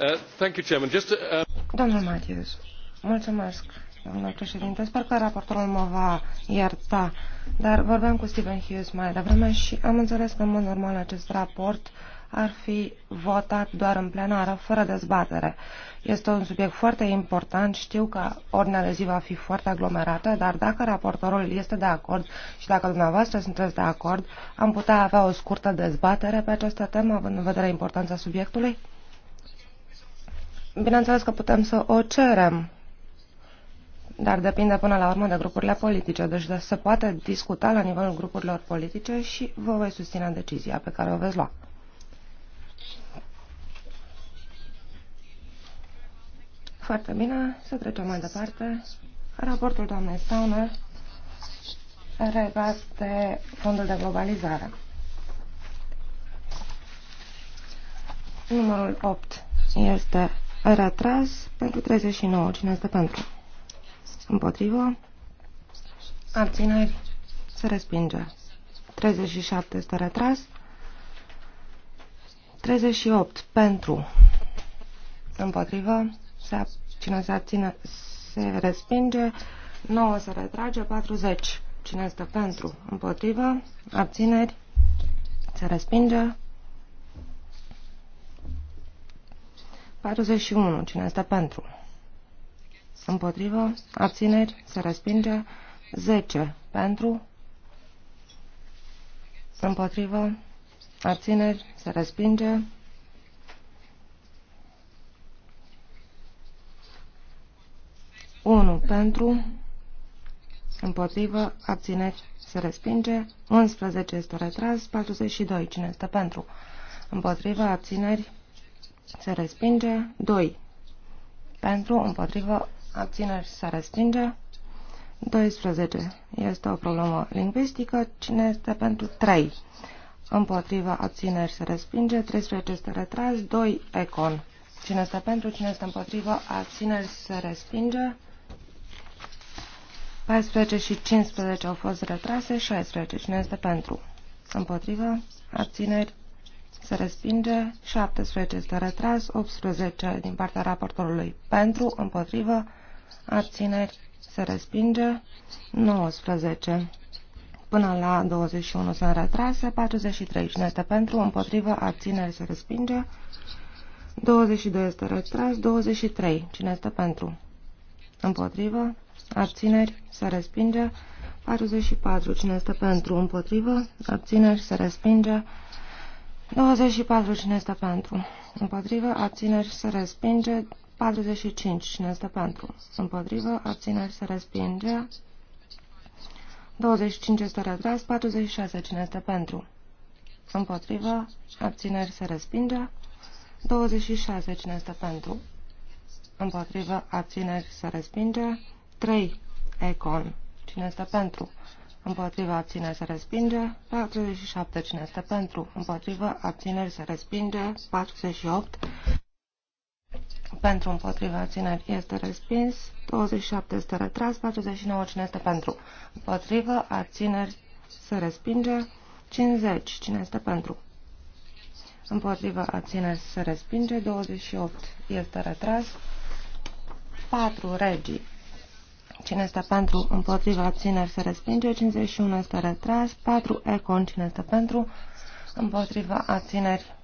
Uh, thank you, Chairman. Just, uh... Domnul Matthews, mulțumesc domnule președinte. Sper că raportorul mă va ierta, dar vorbeam cu Stephen Hughes mai devreme și am înțeles că, în mod normal, acest raport ar fi votat doar în plenară, fără dezbatere. Este un subiect foarte important, știu că ordinea de zi va fi foarte aglomerată, dar dacă raportorul este de acord și dacă dumneavoastră sunteți de acord, am putea avea o scurtă dezbatere pe această temă, având în vedere importanța subiectului? Bineînțeles că putem să o cerem dar depinde până la urmă de grupurile politice. Deci de se poate discuta la nivelul grupurilor politice și vă voi susține decizia pe care o veți lua. Foarte bine, să trecem mai departe. Raportul doamnei Stauner regat de fondul de globalizare. Numărul 8 este retras pentru 39. Cine este pentru? Împotrivă. Abțineri. Se respinge. 37 este retras. 38 pentru. Împotrivă. Se, cine se abține se respinge. 9 se retrage. 40. Cine este pentru? Împotrivă. Abțineri. Se respinge. 41. Cine este pentru? Împotrivă. Abțineri. Se respinge. 10. Pentru. Împotrivă. Abțineri. Se respinge. Unu. Pentru. Împotrivă. Abțineri. Se respinge. 11 este retras. 42. Cine este pentru? Împotrivă. Abțineri. Se respinge. 2. Pentru. Împotrivă abțineri se restringe. 12 este o problemă lingvistică. Cine este pentru 3? Împotriva abțineri se respinge. 13 este retras. 2 econ. Cine este pentru? Cine este împotriva? Abțineri se respinge. 14 și 15 au fost retrase. 16. Cine este pentru? Împotriva? Abțineri se respinge. 17 este retras. 18 din partea raportorului pentru. Împotriva? abțineri, se respinge, 19 până la 21 sunt retrase, 43 cine este pentru, împotrivă, abțineri, se respinge, 22 este retras, 23 cine este pentru, împotrivă, abțineri, se respinge, 44 cine este pentru, împotrivă, abțineri, se respinge, 24 cine este pentru, împotrivă, abțineri, se respinge, 45. Cine este pentru? Împotrivă. Abțineri se respinge. 25 este retras. 46. Cine este pentru? Împotrivă. Abțineri se respinge. 26. Cine este pentru? Împotrivă. Abțineri se respinge. 3. Econ. Cine este pentru? Împotrivă, abțineri se respinge. 47. Cine este pentru? Împotrivă, abțineri se respinge. 48 pentru împotriva țineri este respins, 27 este retras, 49 cine este pentru împotriva țineri se respinge, 50 cine este pentru împotriva a țineri se respinge, 28 este retras, 4 regii cine este pentru împotriva a țineri se respinge, 51 este retras, 4 econ cine este pentru împotriva a țineri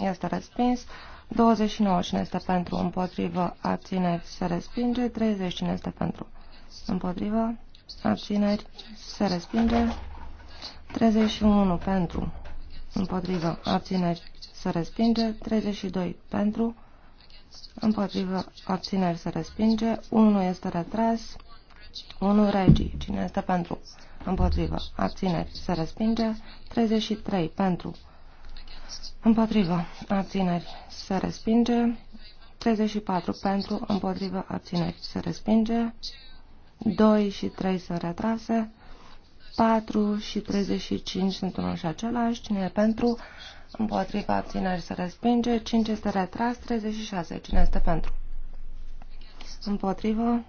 este respins. 29 cine este pentru, împotrivă, abțineri, se respinge. 30 cine este pentru, împotrivă, abțineri, se respinge. 31 pentru, împotrivă, abțineri, se respinge. 32 pentru, împotrivă, abțineri, se respinge. 1 este retras. 1 regii, cine este pentru, împotrivă, abțineri, se respinge. 33 pentru, Împotrivă. Abțineri. Se respinge. 34 pentru. Împotrivă. Abțineri. Se respinge. 2 și 3 sunt retrase. 4 și 35 sunt unul și același. Cine e pentru? Împotriva abțineri se respinge. 5 este retras. 36. Cine este pentru? Împotrivă.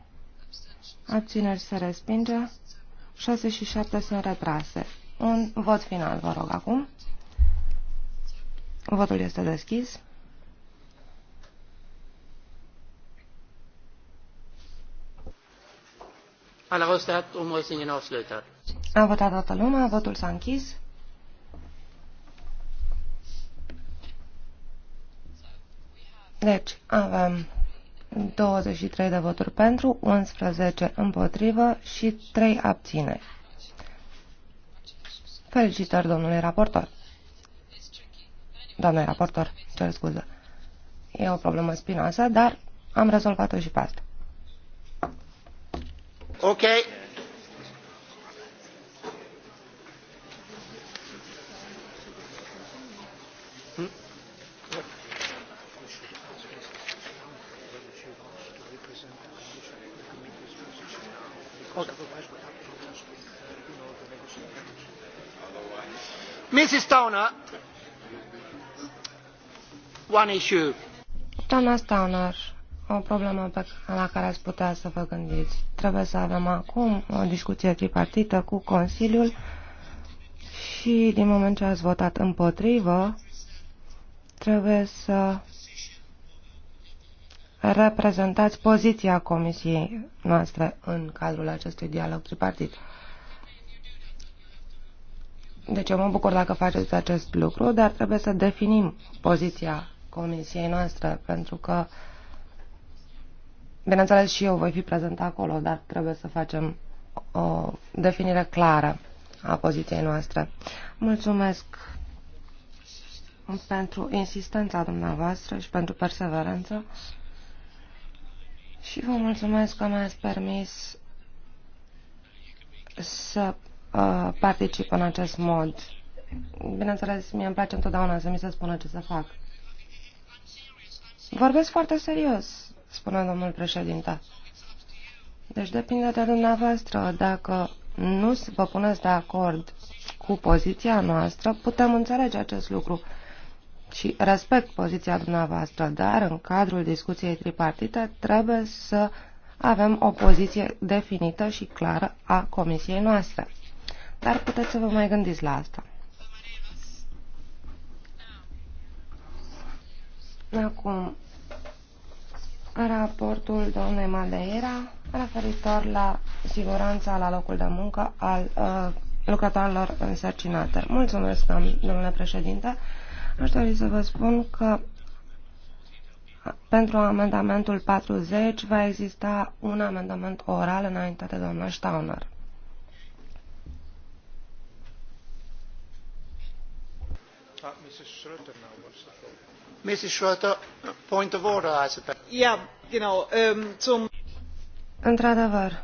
Abțineri se respinge. 6 și 7 sunt retrase. Un vot final, vă rog, acum. Votul este deschis. Alla A votat toată lumea, votul s-a închis. Deci, avem 23 de voturi pentru, 11 împotrivă și 3 abține. Felicitări, domnule raportor! Doamne raportor, cer scuză. E o problemă spinoasă, dar am rezolvat-o și pe asta. Ok. Mrs. Towner, one Doamna Stauner, o problemă pe, la care ați putea să vă gândiți. Trebuie să avem acum o discuție tripartită cu Consiliul și din moment ce ați votat împotrivă, trebuie să reprezentați poziția comisiei noastre în cadrul acestui dialog tripartit. Deci eu mă bucur dacă faceți acest lucru, dar trebuie să definim poziția comisiei noastre, pentru că, bineînțeles, și eu voi fi prezent acolo, dar trebuie să facem o definire clară a poziției noastre. Mulțumesc pentru insistența dumneavoastră și pentru perseverență și vă mulțumesc că mi-ați permis să uh, particip în acest mod. Bineînțeles, mie îmi place întotdeauna să mi se spună ce să fac. Vorbesc foarte serios, spune domnul președinte. Deci depinde de dumneavoastră. Dacă nu vă puneți de acord cu poziția noastră, putem înțelege acest lucru. Și respect poziția dumneavoastră, dar în cadrul discuției tripartite trebuie să avem o poziție definită și clară a comisiei noastre. Dar puteți să vă mai gândiți la asta. Acum, raportul domnului Madeira referitor la siguranța la locul de muncă al uh, lucrătorilor însărcinate. Mulțumesc, domnule președinte. Aș dori să vă spun că pentru amendamentul 40 va exista un amendament oral înainte de doamna Stauner. Ah, Mrs. Schröter. Um, într adevăr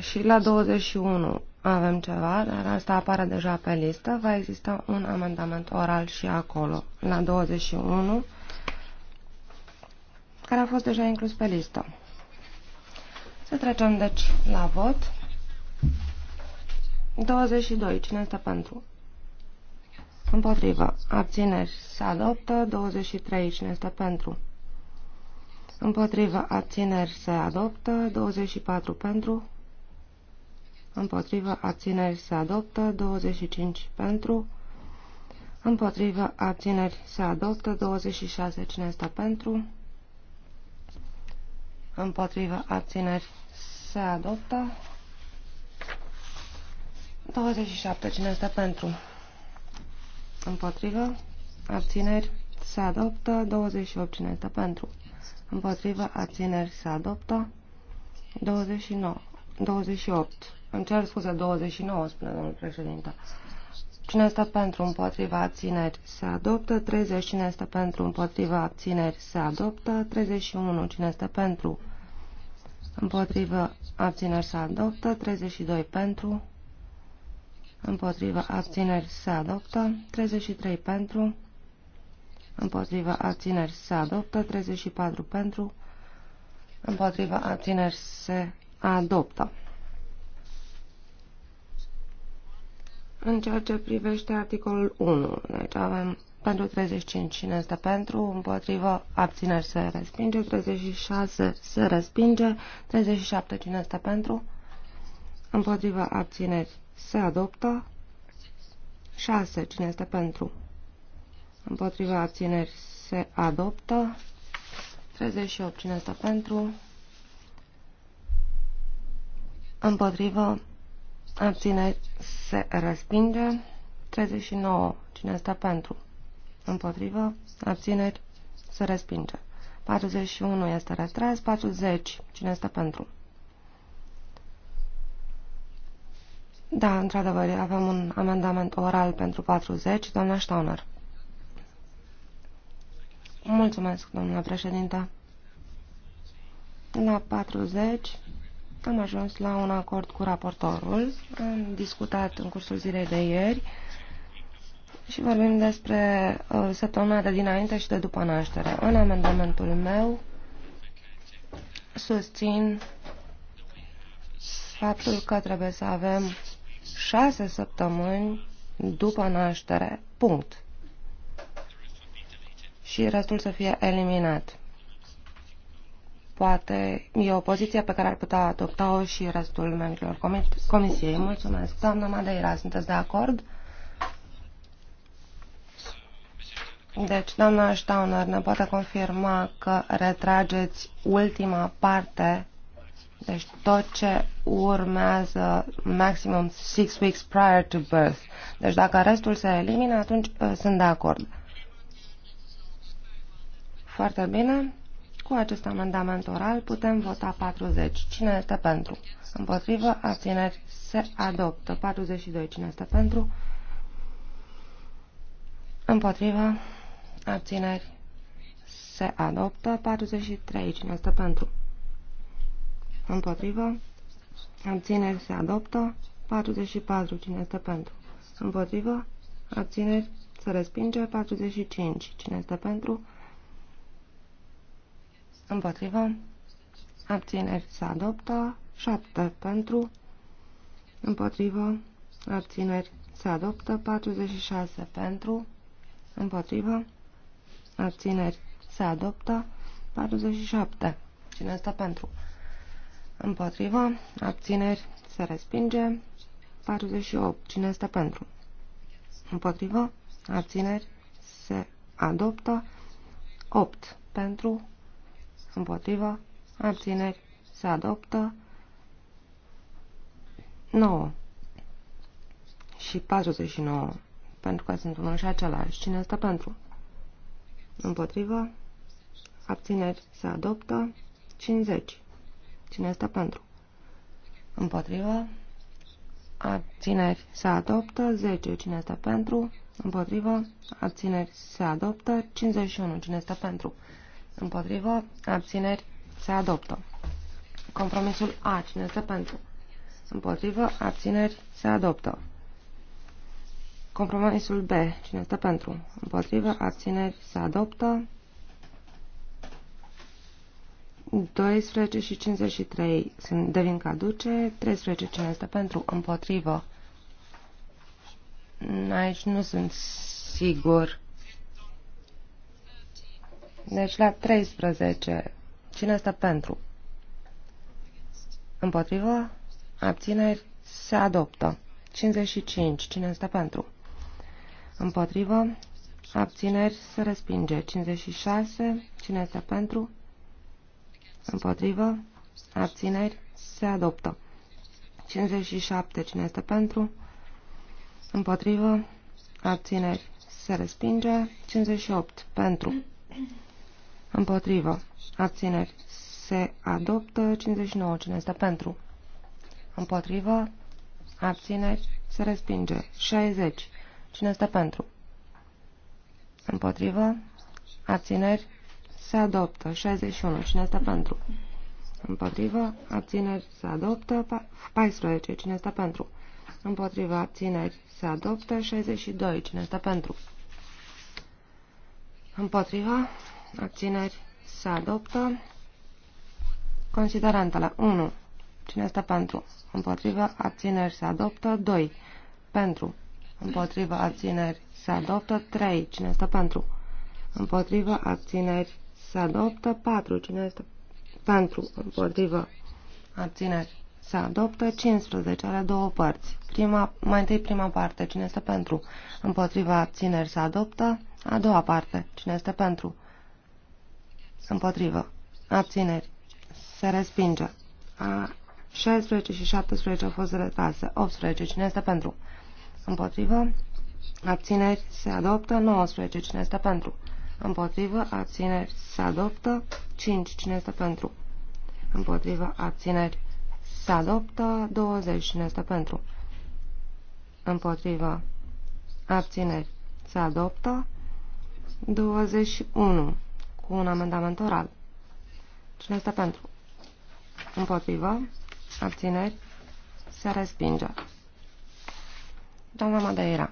și la 21 avem ceva, dar asta apare deja pe listă. Va exista un amendament oral și acolo, la 21, care a fost deja inclus pe listă. Să trecem, deci, la vot. 22. Cine este pentru? Împotrivă. Abțineri. Se adoptă. 23. Cine este pentru? Împotrivă. Abțineri. Se adoptă. 24. Pentru. Împotrivă. Abțineri. Se adoptă. 25. Pentru. Împotrivă. Abțineri. Se adoptă. 26. Cine este pentru? Împotrivă. Abțineri. Se adoptă. 27. Cine este pentru? Împotrivă. Abțineri. Se adoptă. 28. Cine este pentru? Împotrivă. Abțineri. Se adoptă. 29. 28. Îmi cer scuze. 29, spune domnul președinte. Cine este pentru împotriva abțineri se adoptă, 30 cine este pentru împotriva abțineri se adoptă, 31 cine este pentru împotriva abțineri se adoptă, 32 pentru împotriva abțineri se adoptă, 33 pentru, împotriva abțineri se adoptă, 34 pentru, împotriva abțineri se adoptă. În ceea ce privește articolul 1, deci avem pentru 35 cine este pentru, împotriva abțineri se respinge, 36 se respinge, 37 cine este pentru, împotriva abțineri se adoptă. 6. Cine este pentru? Împotriva abțineri se adoptă. 38. Cine este pentru? Împotriva abțineri se respinge. 39. Cine este pentru? Împotriva abțineri se respinge. 41 este retras. 40. Cine este pentru? Da, într-adevăr, avem un amendament oral pentru 40, doamna Stauner. Mulțumesc, domnule președinte. La 40 am ajuns la un acord cu raportorul. Am discutat în cursul zilei de ieri și vorbim despre uh, săptămâna de dinainte și de după naștere. În amendamentul meu susțin faptul că trebuie să avem șase săptămâni după naștere, punct. Și restul să fie eliminat. Poate e o poziție pe care ar putea adopta-o și restul membrilor comisiei. Mulțumesc. Doamna Madeira, sunteți de acord? Deci, doamna Stauner, ne poate confirma că retrageți ultima parte deci tot ce urmează maximum six weeks prior to birth. Deci dacă restul se elimină, atunci uh, sunt de acord. Foarte bine. Cu acest amendament oral putem vota 40. Cine este pentru? Împotrivă, abțineri, se adoptă. 42. Cine este pentru? Împotrivă, abțineri, se adoptă. 43. Cine este pentru? Împotrivă. Abțineri se adoptă. 44. Cine este pentru? Împotrivă. Abțineri se respinge. 45. Cine este pentru? Împotrivă. Abțineri se adoptă. 7. Pentru. Împotrivă. Abțineri se adoptă. 46. Pentru. Împotrivă. Abțineri se adoptă. 47. Cine este pentru? Împotrivă. Abțineri. Se respinge. 48. Cine este pentru? Împotrivă. Abțineri. Se adoptă. 8. Pentru. Împotrivă. Abțineri. Se adoptă. 9 și 49, pentru că sunt unul și același. Cine este pentru? Împotrivă. Abțineri se adoptă. 50. Cine este pentru? Împotriva. Abțineri se adoptă. 10. Cine este pentru? Împotriva. Abțineri se adoptă. 51. Cine este pentru? Împotriva. Abțineri se adoptă. Compromisul A. Cine este pentru? Împotrivă. Abțineri se adoptă. Compromisul B. Cine este pentru? Împotrivă. Abțineri se adoptă. 12 și 53 sunt, devin caduce, 13 cine este pentru, împotrivă. Aici nu sunt sigur. Deci la 13, cine este pentru? Împotrivă, abțineri, se adoptă. 55, cine este pentru? Împotrivă, abțineri, se respinge. 56, cine este pentru? Împotrivă. Abțineri. Se adoptă. 57. Cine este pentru? Împotrivă. Abțineri. Se respinge. 58. Pentru. Împotrivă. Abțineri. Se adoptă. 59. Cine este pentru? Împotrivă. Abțineri. Se respinge. 60. Cine este pentru? Împotrivă. Abțineri se adoptă. 61. Cine este pentru? Împotrivă, abțineri, se adoptă. 14. Cine este pentru? Împotrivă, abțineri, se adoptă. 62. Cine este pentru? Împotrivă, abțineri, se adoptă. Considerantele 1. Cine este pentru? Împotrivă, abțineri, se adoptă. 2. Pentru. Împotrivă, abțineri, se adoptă. 3. Cine este pentru? Împotrivă, abțineri, se adoptă. 4. Cine este pentru, împotrivă, abțineri, se adoptă. 15. Are două părți. Prima, mai întâi prima parte. Cine este pentru, împotriva, abțineri, se adoptă. A doua parte. Cine este pentru, împotrivă, abțineri, se respinge. A 16 și 17 au fost retrase. 18. Cine este pentru? Împotrivă. Abțineri se adoptă. 19. Cine este pentru? Împotrivă, abțineri, se adoptă. 5. Cine este pentru? Împotrivă, abțineri, se adoptă. 20. Cine este pentru? Împotrivă, abțineri, se adoptă. 21. Cu un amendament oral. Cine este pentru? Împotrivă, abțineri, se respinge. Doamna Madeira.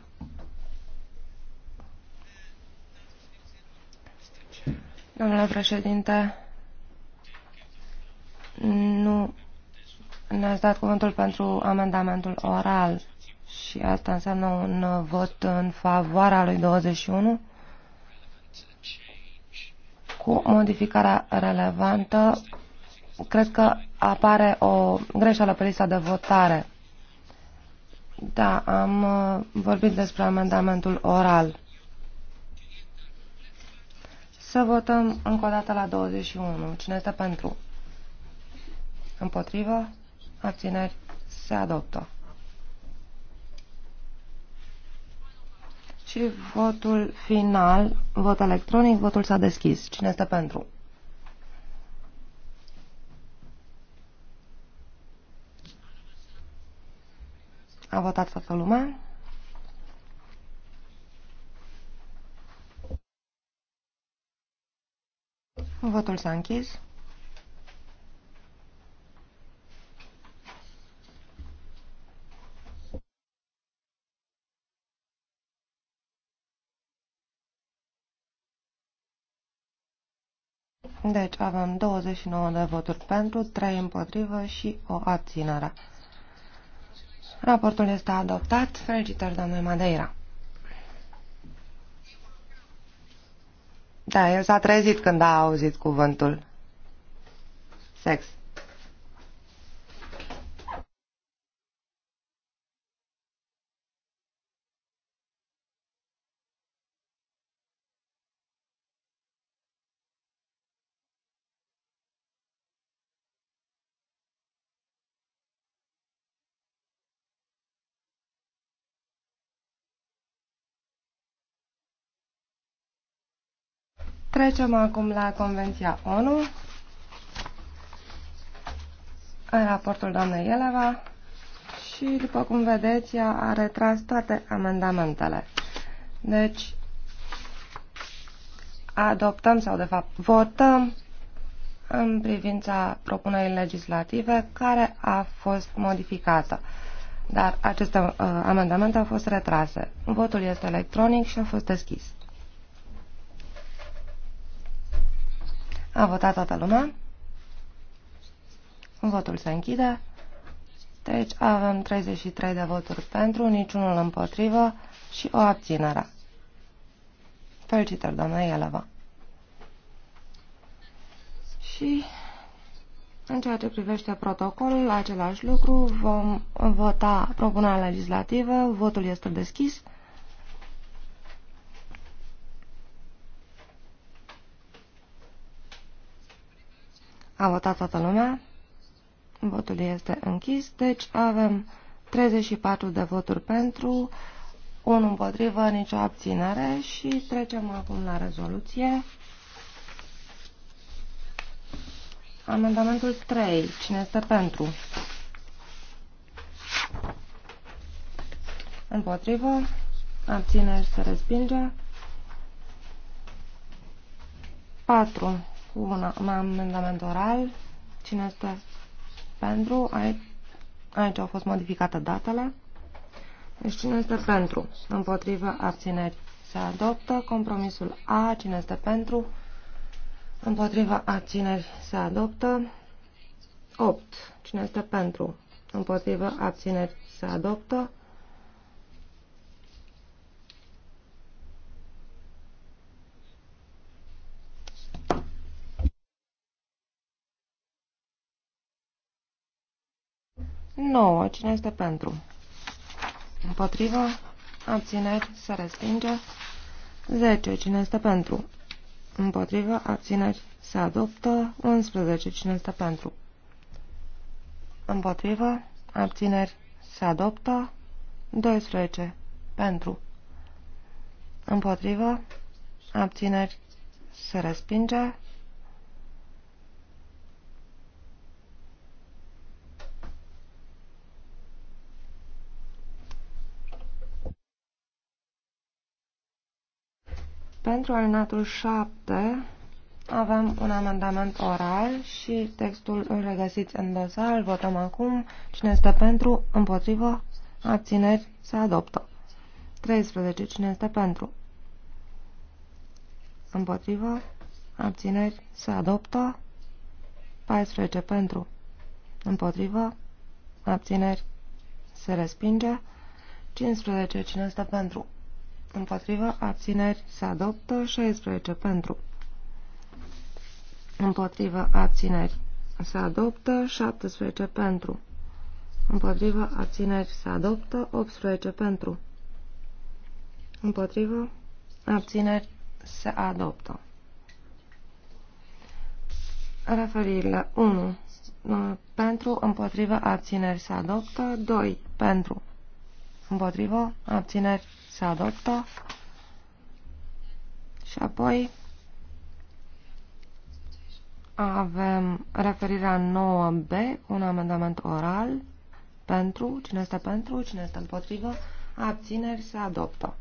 Domnule președinte, nu ne-ați dat cuvântul pentru amendamentul oral și asta înseamnă un uh, vot în favoarea lui 21 cu modificarea relevantă. Cred că apare o greșeală pe lista de votare. Da, am uh, vorbit despre amendamentul oral. Să votăm încă o dată la 21. Cine este pentru? Împotrivă? Abțineri? Se adoptă. Și votul final, vot electronic, votul s-a deschis. Cine este pentru? A votat toată lumea? Votul s-a închis. Deci avem 29 de voturi pentru, 3 împotrivă și o abținere. Raportul este adoptat. Felicitări, doamne Madeira! Da, el s-a trezit când a auzit cuvântul. Sex. Trecem acum la Convenția ONU. Raportul doamnei Eleva și, după cum vedeți, ea a retras toate amendamentele. Deci, adoptăm sau, de fapt, votăm în privința propunerii legislative care a fost modificată. Dar aceste uh, amendamente au fost retrase. Votul este electronic și a fost deschis. A votat toată lumea. Votul se închide. Deci avem 33 de voturi pentru, niciunul împotrivă și o abținere. Felicitări, doamna Ieleva. Și în ceea ce privește protocolul, același lucru, vom vota propunerea legislativă, votul este deschis. A votat toată lumea. Votul este închis, deci avem 34 de voturi pentru, 1 împotrivă, nicio abținere și trecem acum la rezoluție. Amendamentul 3. Cine este pentru? Împotrivă. și se respinge. 4 cu un amendament oral. Cine este pentru? Aici, aici au fost modificate datele. Deci cine este pentru? Împotrivă abțineri se adoptă. Compromisul A. Cine este pentru? Împotrivă abțineri se adoptă. 8. Cine este pentru? Împotrivă abțineri se adoptă. 9. Cine este pentru? Împotrivă. Abțineri. Se respinge. 10. Cine este pentru? Împotrivă. Abțineri. Se adoptă. 11. Cine este pentru? Împotrivă. Abțineri. Se adoptă. 12. Pentru. Împotrivă. Abțineri. Se respinge. Pentru alinatul 7 avem un amendament oral și textul îl regăsiți în dosar. Votăm acum. Cine este pentru, împotrivă, abțineri, se adoptă. 13. Cine este pentru? Împotrivă, abțineri, se adoptă. 14. Pentru, împotrivă, abțineri, se respinge. 15. Cine este pentru? Împotrivă. Abțineri. Se adoptă. 16 pentru. Împotrivă. Abțineri. Se adoptă. 17 pentru. Împotrivă. Abțineri. Se adoptă. 18 pentru. Împotrivă. Abțineri. Se adoptă. Referirile 1. Pentru, împotrivă, abțineri se adoptă. 2. Pentru, împotrivă, abțineri, se adoptă. Și apoi avem referirea 9b, un amendament oral, pentru, cine este pentru, cine este împotrivă, abțineri, se adoptă.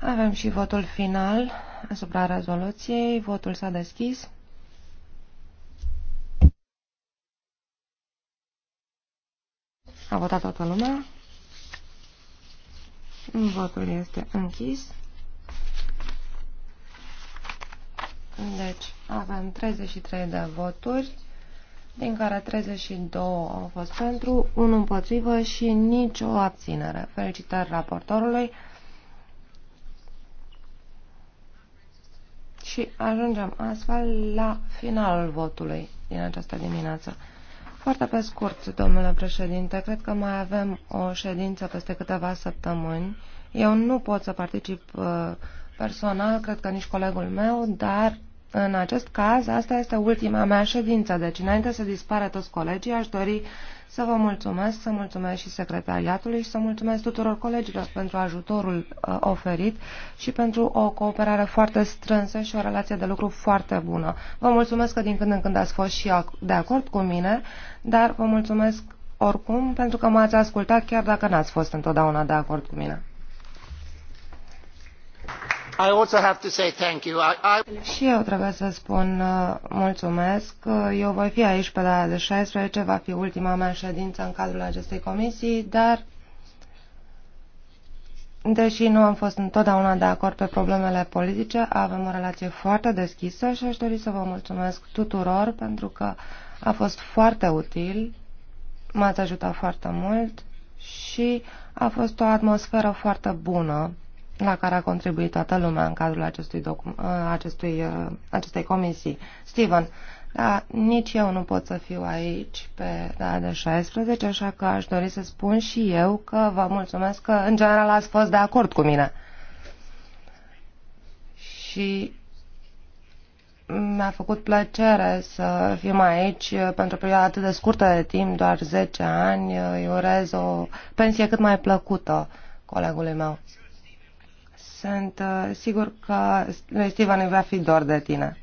Avem și votul final asupra rezoluției. Votul s-a deschis. A votat toată lumea. Votul este închis. Deci, avem 33 de voturi, din care 32 au fost pentru, 1 împotrivă și nicio abținere. Felicitări raportorului. Și ajungem astfel la finalul votului din această dimineață. Foarte pe scurt, domnule președinte, cred că mai avem o ședință peste câteva săptămâni. Eu nu pot să particip uh, personal, cred că nici colegul meu, dar în acest caz, asta este ultima mea ședință, deci înainte să dispară toți colegii, aș dori să vă mulțumesc, să mulțumesc și secretariatului și să mulțumesc tuturor colegilor pentru ajutorul uh, oferit și pentru o cooperare foarte strânsă și o relație de lucru foarte bună. Vă mulțumesc că din când în când ați fost și de acord cu mine, dar vă mulțumesc oricum pentru că m-ați ascultat chiar dacă n-ați fost întotdeauna de acord cu mine. I also have to say thank you. I, I... Și eu trebuie să spun uh, mulțumesc. Uh, eu voi fi aici pe data de 16, va fi ultima mea ședință în cadrul acestei comisii, dar deși nu am fost întotdeauna de acord pe problemele politice, avem o relație foarte deschisă și aș dori să vă mulțumesc tuturor pentru că a fost foarte util, m-ați ajutat foarte mult și a fost o atmosferă foarte bună la care a contribuit toată lumea în cadrul acestui acestui, acestei comisii. Steven, da, nici eu nu pot să fiu aici pe data de 16, așa că aș dori să spun și eu că vă mulțumesc că în general ați fost de acord cu mine. Și mi-a făcut plăcere să fim aici pentru o perioadă atât de scurtă de timp, doar 10 ani. Îi urez o pensie cât mai plăcută colegului meu sunt uh, sigur că lui Steven îi va fi dor de tine.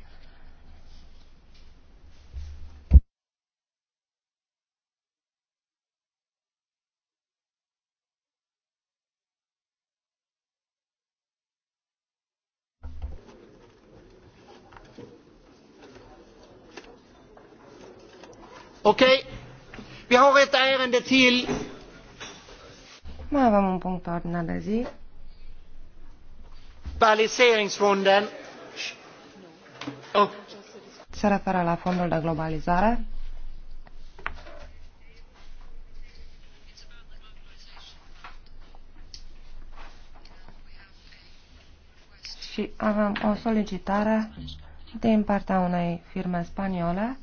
Ok. Vi har ett ärende till. Mai avem un punct pe ordinea de zi globaliseringsfonden. Se referă la fondul de globalizare. Și avem o solicitare din partea unei firme spaniole,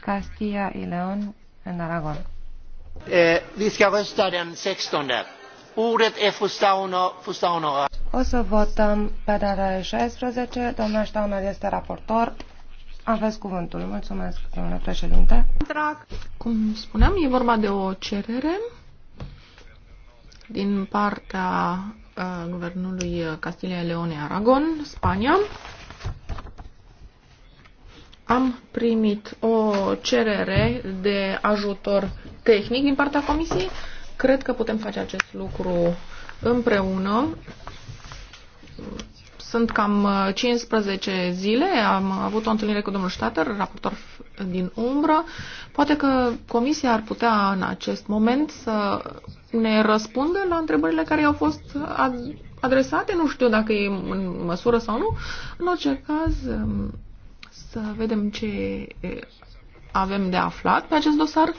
Castilla y León, în Aragon. Eh, vi ska rösta den 16. Ordet är O să votăm pe data 16. Doamna Stauner este raportor. Aveți cuvântul. Mulțumesc, domnule președinte. Drag, cum spuneam, e vorba de o cerere din partea uh, guvernului Castilia Leone Aragon, Spania. Am primit o cerere de ajutor tehnic din partea Comisiei Cred că putem face acest lucru împreună. Sunt cam 15 uh, zile, am avut o întâlnire cu domnul Stater, raportor din umbră. Poate că comisia ar putea în acest moment să ne răspundă la întrebările care i-au fost adresate. Nu știu dacă e în măsură sau nu. În orice caz, um, să vedem ce avem de aflat pe acest dosar.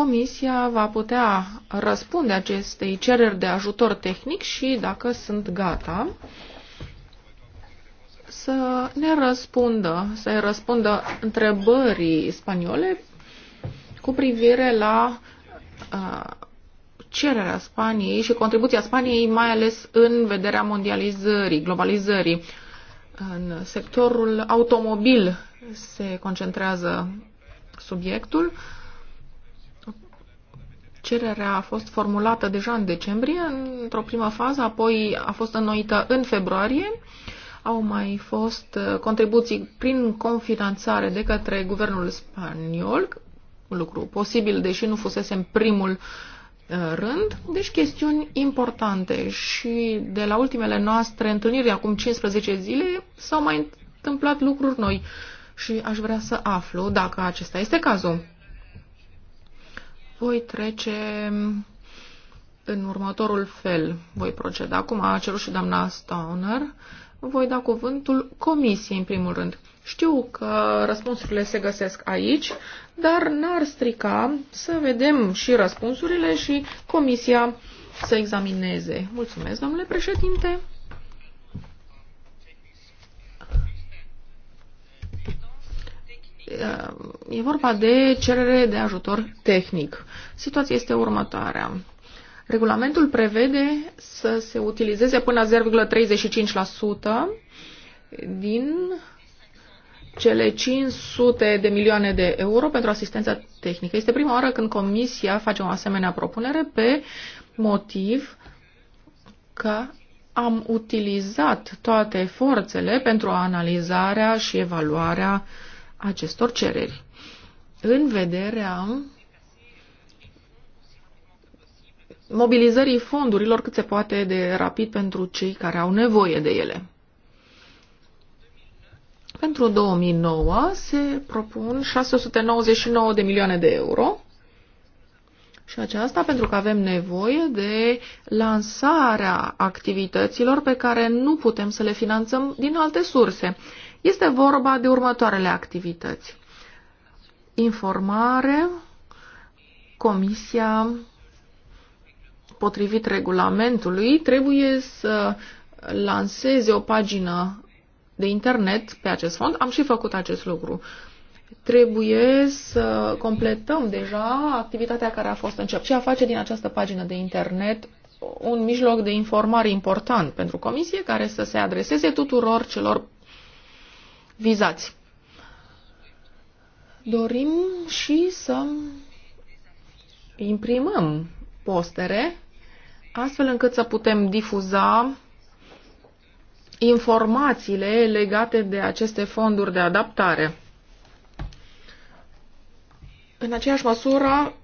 Comisia va putea răspunde acestei cereri de ajutor tehnic și, dacă sunt gata, să ne răspundă, să răspundă întrebării spaniole cu privire la uh, cererea Spaniei și contribuția Spaniei, mai ales în vederea mondializării, globalizării. În sectorul automobil se concentrează subiectul. Uh, Cererea a fost formulată deja în decembrie, într-o primă fază, apoi a fost înnoită în februarie. Au mai fost uh, contribuții prin confinanțare de către guvernul spaniol, un lucru posibil, deși nu fusese în primul uh, rând, deci chestiuni importante și de la ultimele noastre întâlniri acum 15 zile s-au mai întâmplat lucruri noi și aș vrea să aflu dacă acesta este cazul voi trece mm, în următorul fel. Voi proceda acum, a cerut și doamna Stoner. Voi da cuvântul comisiei, în primul rând. Știu că răspunsurile se găsesc aici, dar n-ar strica să vedem și răspunsurile și comisia să examineze. Mulțumesc, domnule președinte. E vorba de cerere de ajutor tehnic. Situația este următoarea. Regulamentul prevede să se utilizeze până 0,35% din cele 500 de milioane de euro pentru asistența tehnică. Este prima oară când Comisia face o asemenea propunere pe motiv că am utilizat toate forțele pentru analizarea și evaluarea uh, acestor cereri. În vederea mobilizării fondurilor cât se poate de rapid pentru cei care au nevoie de ele. Pentru 2009 se propun 699 de milioane de euro și aceasta pentru că avem nevoie de lansarea activităților pe care nu putem să le finanțăm din alte surse. Este vorba de următoarele activități. Informare, comisia, potrivit regulamentului, trebuie să lanseze o pagină de internet pe acest fond. Am și făcut acest lucru. Trebuie să completăm deja activitatea care a fost început și a face din această pagină de internet un mijloc de informare important pentru comisie care să se adreseze tuturor celor vizați. Dorim și să imprimăm postere astfel încât să putem difuza informațiile legate de aceste fonduri de adaptare. În aceeași măsură,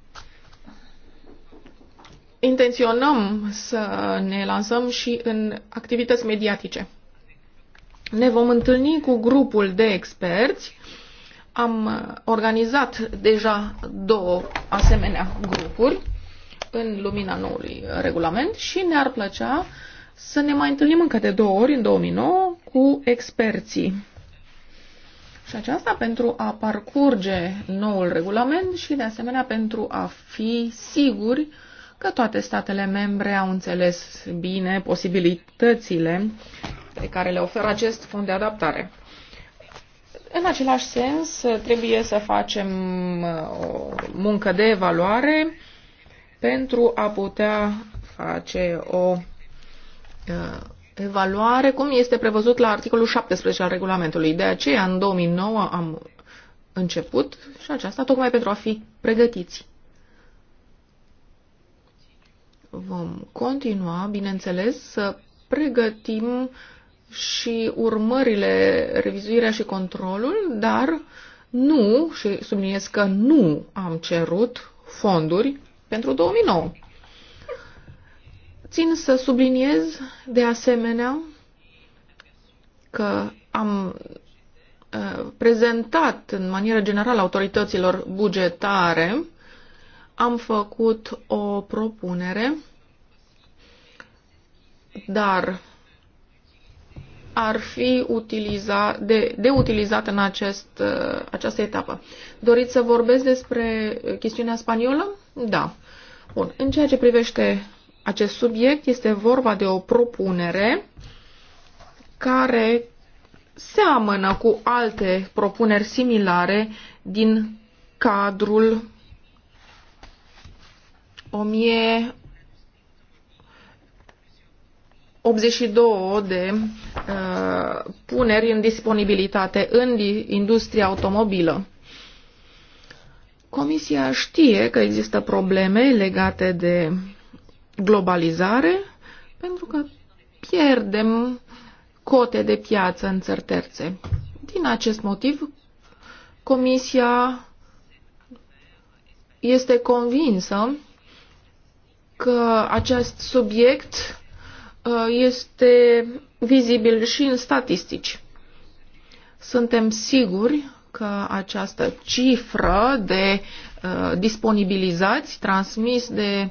intenționăm să ne lansăm și în activități mediatice ne vom întâlni cu grupul de experți. Am uh, organizat deja două asemenea grupuri în lumina noului uh, regulament și ne-ar plăcea să ne mai întâlnim încă de două ori în 2009 cu experții. Și aceasta pentru a parcurge noul regulament și de asemenea pentru a fi siguri că toate statele membre au înțeles bine posibilitățile pe care le oferă acest fond de adaptare. În același sens, trebuie să facem uh, o muncă de evaluare pentru a putea face o uh, evaluare, cum este prevăzut la articolul 17 al regulamentului. De aceea, în 2009 am început și aceasta tocmai pentru a fi pregătiți. Vom continua, bineînțeles, să pregătim uh, și urmările, revizuirea și controlul, dar nu, și subliniez că nu am cerut fonduri pentru 2009. Țin să subliniez de asemenea că am uh, prezentat în manieră generală autorităților bugetare, am făcut o propunere, dar ar fi utiliza, de, de utilizat în acest, uh, această etapă. Doriți să vorbesc despre chestiunea spaniolă? Da. Bun. În ceea ce privește acest subiect, este vorba de o propunere care seamănă cu alte propuneri similare din cadrul 1000 82 de uh, puneri în disponibilitate în industria automobilă. Comisia știe că există probleme legate de globalizare pentru că pierdem cote de piață în țări terțe. Din acest motiv, Comisia este convinsă că acest subiect Uh, este vizibil și în statistici. Suntem siguri că această cifră de uh, disponibilizați transmis de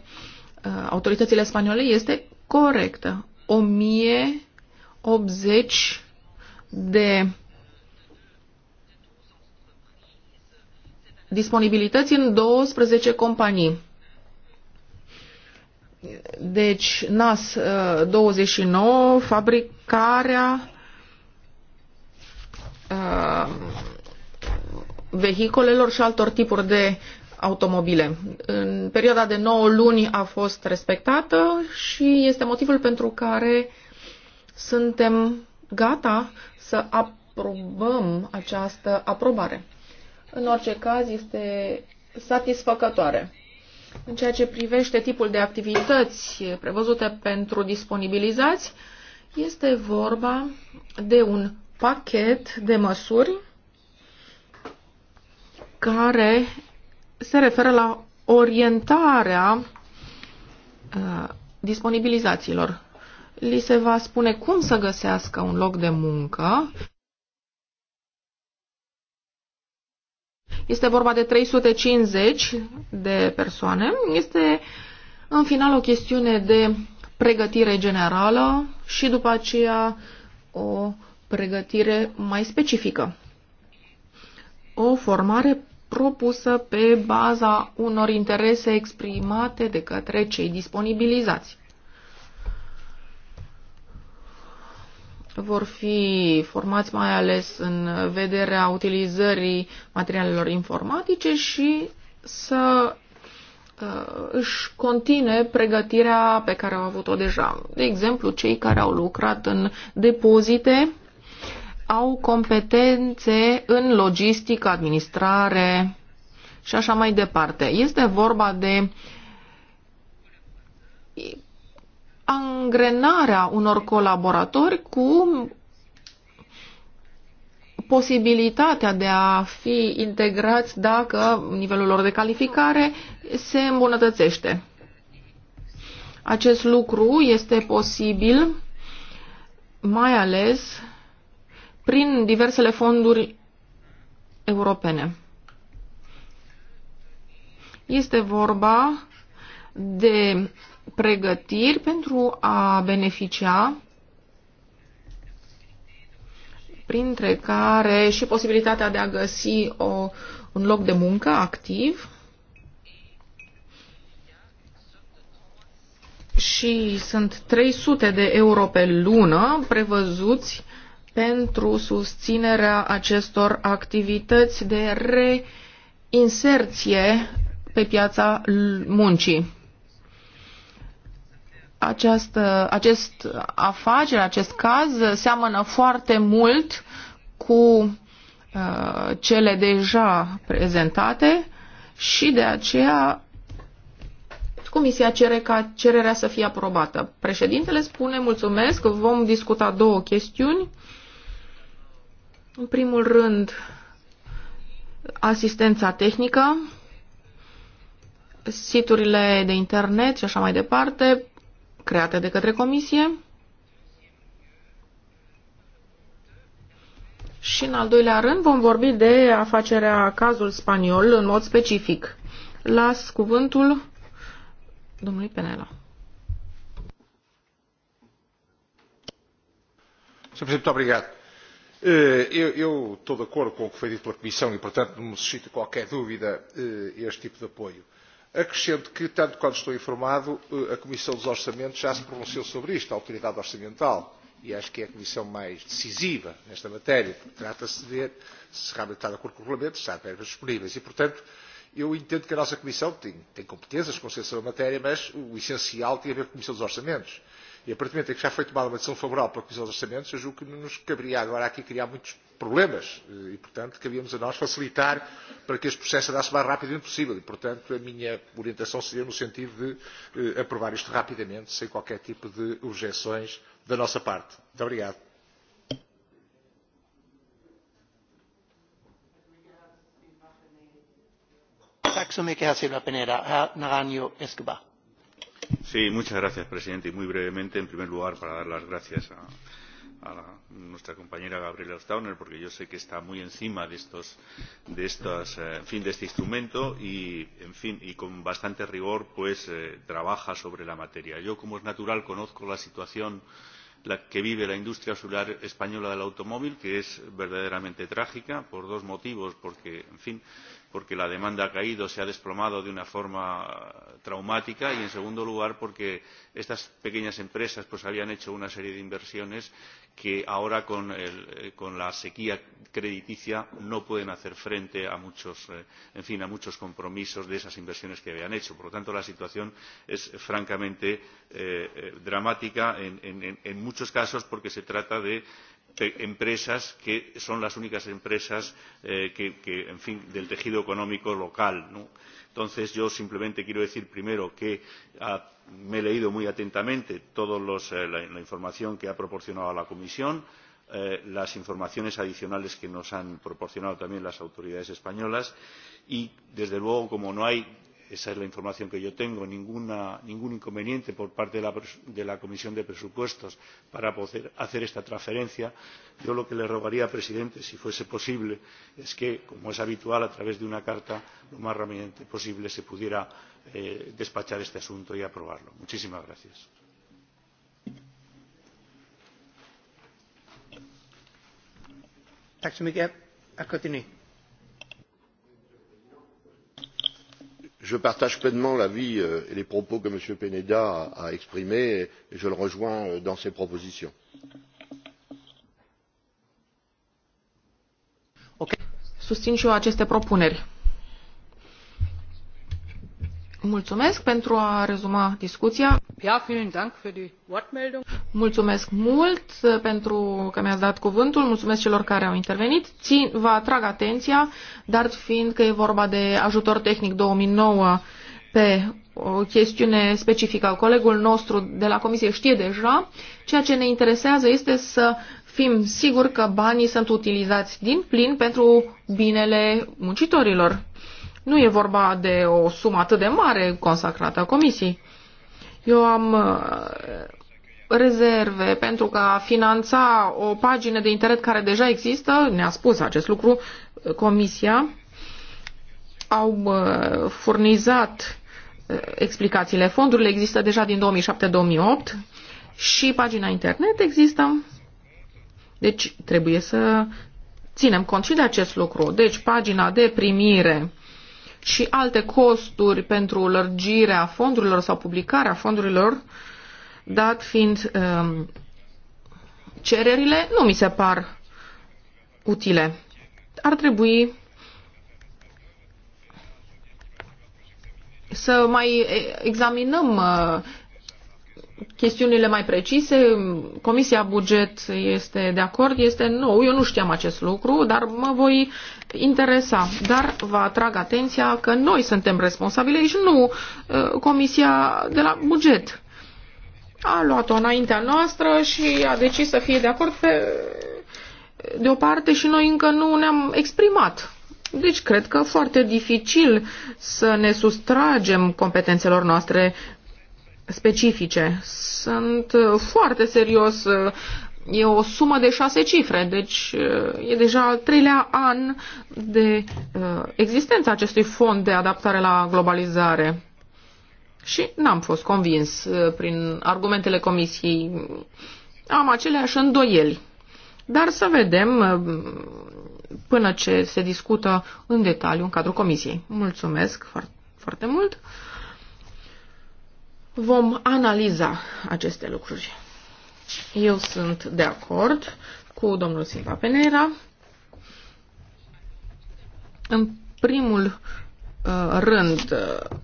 uh, autoritățile spaniole este corectă. 1080 de disponibilități în 12 companii. Deci, NAS 29, uh, fabricarea uh, vehicolelor și altor tipuri de automobile. În perioada de 9 luni a fost respectată și este motivul pentru care suntem gata să aprobăm această aprobare. În orice caz, este satisfăcătoare. În ceea ce privește tipul de activități prevăzute pentru disponibilizați, este vorba de un pachet de măsuri care se referă la orientarea uh, disponibilizațiilor. Li se va spune cum să găsească un loc de muncă Este vorba de 350 de persoane. Este în final o chestiune de pregătire generală și după aceea o pregătire mai specifică. O formare propusă pe baza unor interese exprimate de către cei disponibilizați. vor fi formați mai ales în vederea utilizării materialelor informatice și să uh, își continue pregătirea pe care au avut-o deja. De exemplu, cei care au lucrat în depozite au competențe în logistică, administrare și așa mai departe. Este vorba de angrenarea unor colaboratori cu posibilitatea de a fi integrați dacă nivelul lor de calificare se îmbunătățește. Acest lucru este posibil mai ales prin diversele fonduri europene. Este vorba de pregătiri pentru a beneficia printre care și posibilitatea de a găsi o, un loc de muncă activ și sunt 300 de euro pe lună prevăzuți pentru susținerea acestor activități de reinserție pe piața muncii această, acest afacere, acest caz seamănă foarte mult cu uh, cele deja prezentate și de aceea Comisia cere ca cererea să fie aprobată. Președintele spune mulțumesc, vom discuta două chestiuni. În primul rând, asistența tehnică, siturile de internet și așa mai departe, create de către comisie. Și în al doilea rând vom vorbi de afacerea cazul spaniol în mod specific. Las cuvântul domnului Penela. muito obrigado. Eh, eu, eu estou de acordo com o que foi dito pela Comissão e, portanto, não me suscita qualquer dúvida eh, este tipo de apoio. Acrescento que, tanto quanto estou informado, eh, a Comissão dos Orçamentos já se pronunciou sobre isto, a Autoridade Orçamental, e acho que é a Comissão mais decisiva nesta matéria, porque trata-se de ver se realmente está de acordo com o regulamento, se há verbas disponíveis. E, portanto, eu entendo que a nossa Comissão tem, tem competências com certeza na matéria, mas o essencial tem a ver com a Comissão dos Orçamentos. E a partir do momento em que já foi tomada uma decisão favorável para a Comissão dos Orçamentos, eu julgo que nos caberia agora aqui criar muitos problemas eh, e, portanto, cabíamos a nós facilitar para que este processo andasse o mais rapidamente possível. E, portanto, a minha orientação seria no sentido de eh, aprovar isto rapidamente, sem qualquer tipo de objeções da nossa parte. Muito obrigado. Tack så mycket, herr Silva Peneda. Herr Naranjo Escobar. Sí, muchas gracias, presidente. Y muy brevemente, en primer lugar, para dar las gracias a, a la, nuestra compañera Gabriela Stauner, porque yo sé que está muy encima de estos, de estas, eh, en fin, de este instrumento y, en fin, y con bastante rigor, pues eh, trabaja sobre la materia. Yo, como es natural, conozco la situación la que vive la industria solar española del automóvil, que es verdaderamente trágica por dos motivos, porque, en fin, porque la demanda ha caído, se ha desplomado de una forma traumática y, en segundo lugar, porque estas pequeñas empresas pues, habían hecho una serie de inversiones que ahora con, el, con la sequía crediticia no pueden hacer frente a muchos, eh, en fin, a muchos compromisos de esas inversiones que habían hecho. Por lo tanto, la situación es francamente eh, eh dramática en, en, en muchos casos porque se trata de empresas que son las únicas empresas eh, que, que, en fin, del tejido económico local. ¿no? Entonces, yo simplemente quiero decir primero que a, ah, me he leído muy atentamente toda eh, la, la información que ha proporcionado la Comisión, eh, las informaciones adicionales que nos han proporcionado también las autoridades españolas y, desde luego, como no hay esa es la información que yo tengo ningún inconveniente por parte de la, comisión de presupuestos para poder hacer esta transferencia yo lo que le rogaría al presidente si fuese posible es que como es habitual a través de una carta lo más rápidamente posible se pudiera eh, despachar este asunto y aprobarlo. muchísimas gracias. Tack je partage pleinement l'avis euh, et les propos que m. preda a exprimés et je le rejoins euh, dans ses propositions. Mulțumesc pentru a rezuma discuția. Ja, vielen Dank für die Wortmeldung. Mulțumesc mult pentru că mi-ați dat cuvântul, mulțumesc celor care au intervenit. Țin, vă atrag atenția, dar fiind că e vorba de ajutor tehnic 2009 pe o chestiune specifică, colegul nostru de la comisie știe deja, ceea ce ne interesează este să fim siguri că banii sunt utilizați din plin pentru binele muncitorilor nu e vorba de o sumă atât de mare consacrată a comisiei. Eu am uh, rezerve pentru că a finanța o pagină de internet care deja există, ne-a spus acest lucru uh, comisia, au uh, furnizat explicațiile. Fondurile există deja din 2007-2008 și pagina internet există. Deci trebuie să ținem cont și de acest lucru. Deci pagina de primire și alte costuri pentru lărgirea fondurilor sau publicarea fondurilor, dat fiind um, cererile, nu mi se par utile. Ar trebui să mai eh, examinăm uh, chestiunile mai precise, Comisia Buget este de acord, este nou, eu nu știam acest lucru, dar mă voi interesa. Dar vă atrag atenția că noi suntem responsabili și nu uh, Comisia de la Buget. A luat-o înaintea noastră și a decis să fie de acord pe de o parte și noi încă nu ne-am exprimat. Deci cred că foarte dificil să ne sustragem competențelor noastre specifice. Sunt uh, foarte serios. Uh, e o sumă de șase cifre, deci uh, e deja al treilea an de existența acestui fond de adaptare la globalizare. Și n-am fost convins prin argumentele comisiei. Am aceleași îndoieli. Dar să vedem până ce se discută în detaliu în cadrul comisiei. Mulțumesc foarte mult vom analiza aceste lucruri. Eu sunt de acord cu domnul Silva Penera. În primul uh, rând, uh,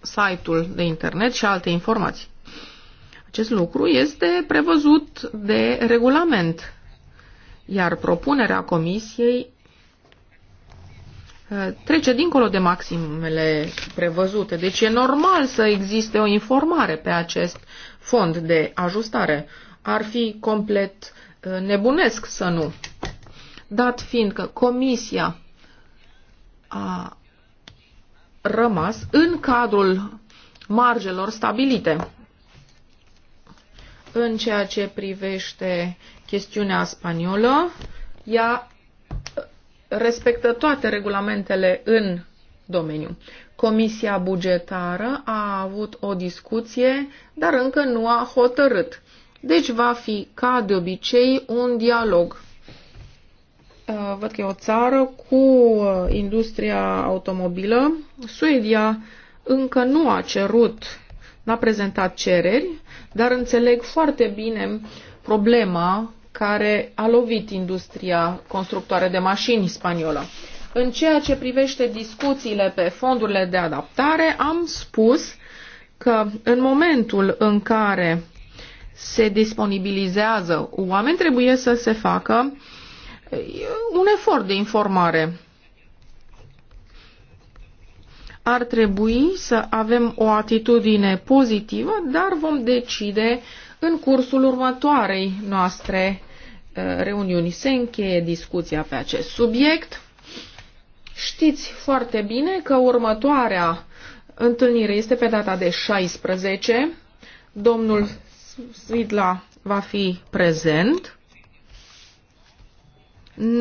site-ul de internet și alte informații. Acest lucru este prevăzut de regulament, iar propunerea comisiei Uh, trece dincolo de maximele prevăzute. Deci e normal să existe o informare pe acest fond de ajustare. Ar fi complet uh, nebunesc să nu. Dat fiind că Comisia a rămas în cadrul margelor stabilite în ceea ce privește chestiunea spaniolă, ea respectă toate regulamentele în domeniu. Comisia bugetară a avut o discuție, dar încă nu a hotărât. Deci va fi, ca de obicei, un dialog. Uh, văd că e o țară cu uh, industria automobilă. Suedia încă nu a cerut, n-a prezentat cereri, dar înțeleg foarte bine problema care a lovit industria constructoare de mașini spaniolă. În ceea ce privește discuțiile pe fondurile de adaptare, am spus că în momentul în care se disponibilizează oameni, trebuie să se facă eh, un efort de informare. Ar trebui să avem o atitudine pozitivă, dar vom decide uh, în cursul următoarei noastre uh, reuniuni. Se încheie discuția pe acest subiect. Știți foarte bine că următoarea întâlnire este pe data de 16. Domnul Svidla va fi prezent.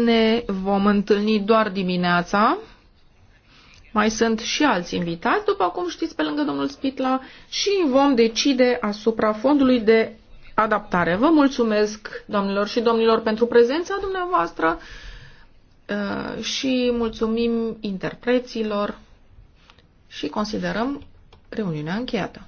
Ne vom întâlni doar dimineața. Mai sunt și alți invitați, după cum știți, pe lângă domnul Spitla, și vom decide asupra fondului de adaptare. Vă mulțumesc, domnilor și domnilor, pentru prezența dumneavoastră uh, și mulțumim interpreților și considerăm reuniunea încheiată.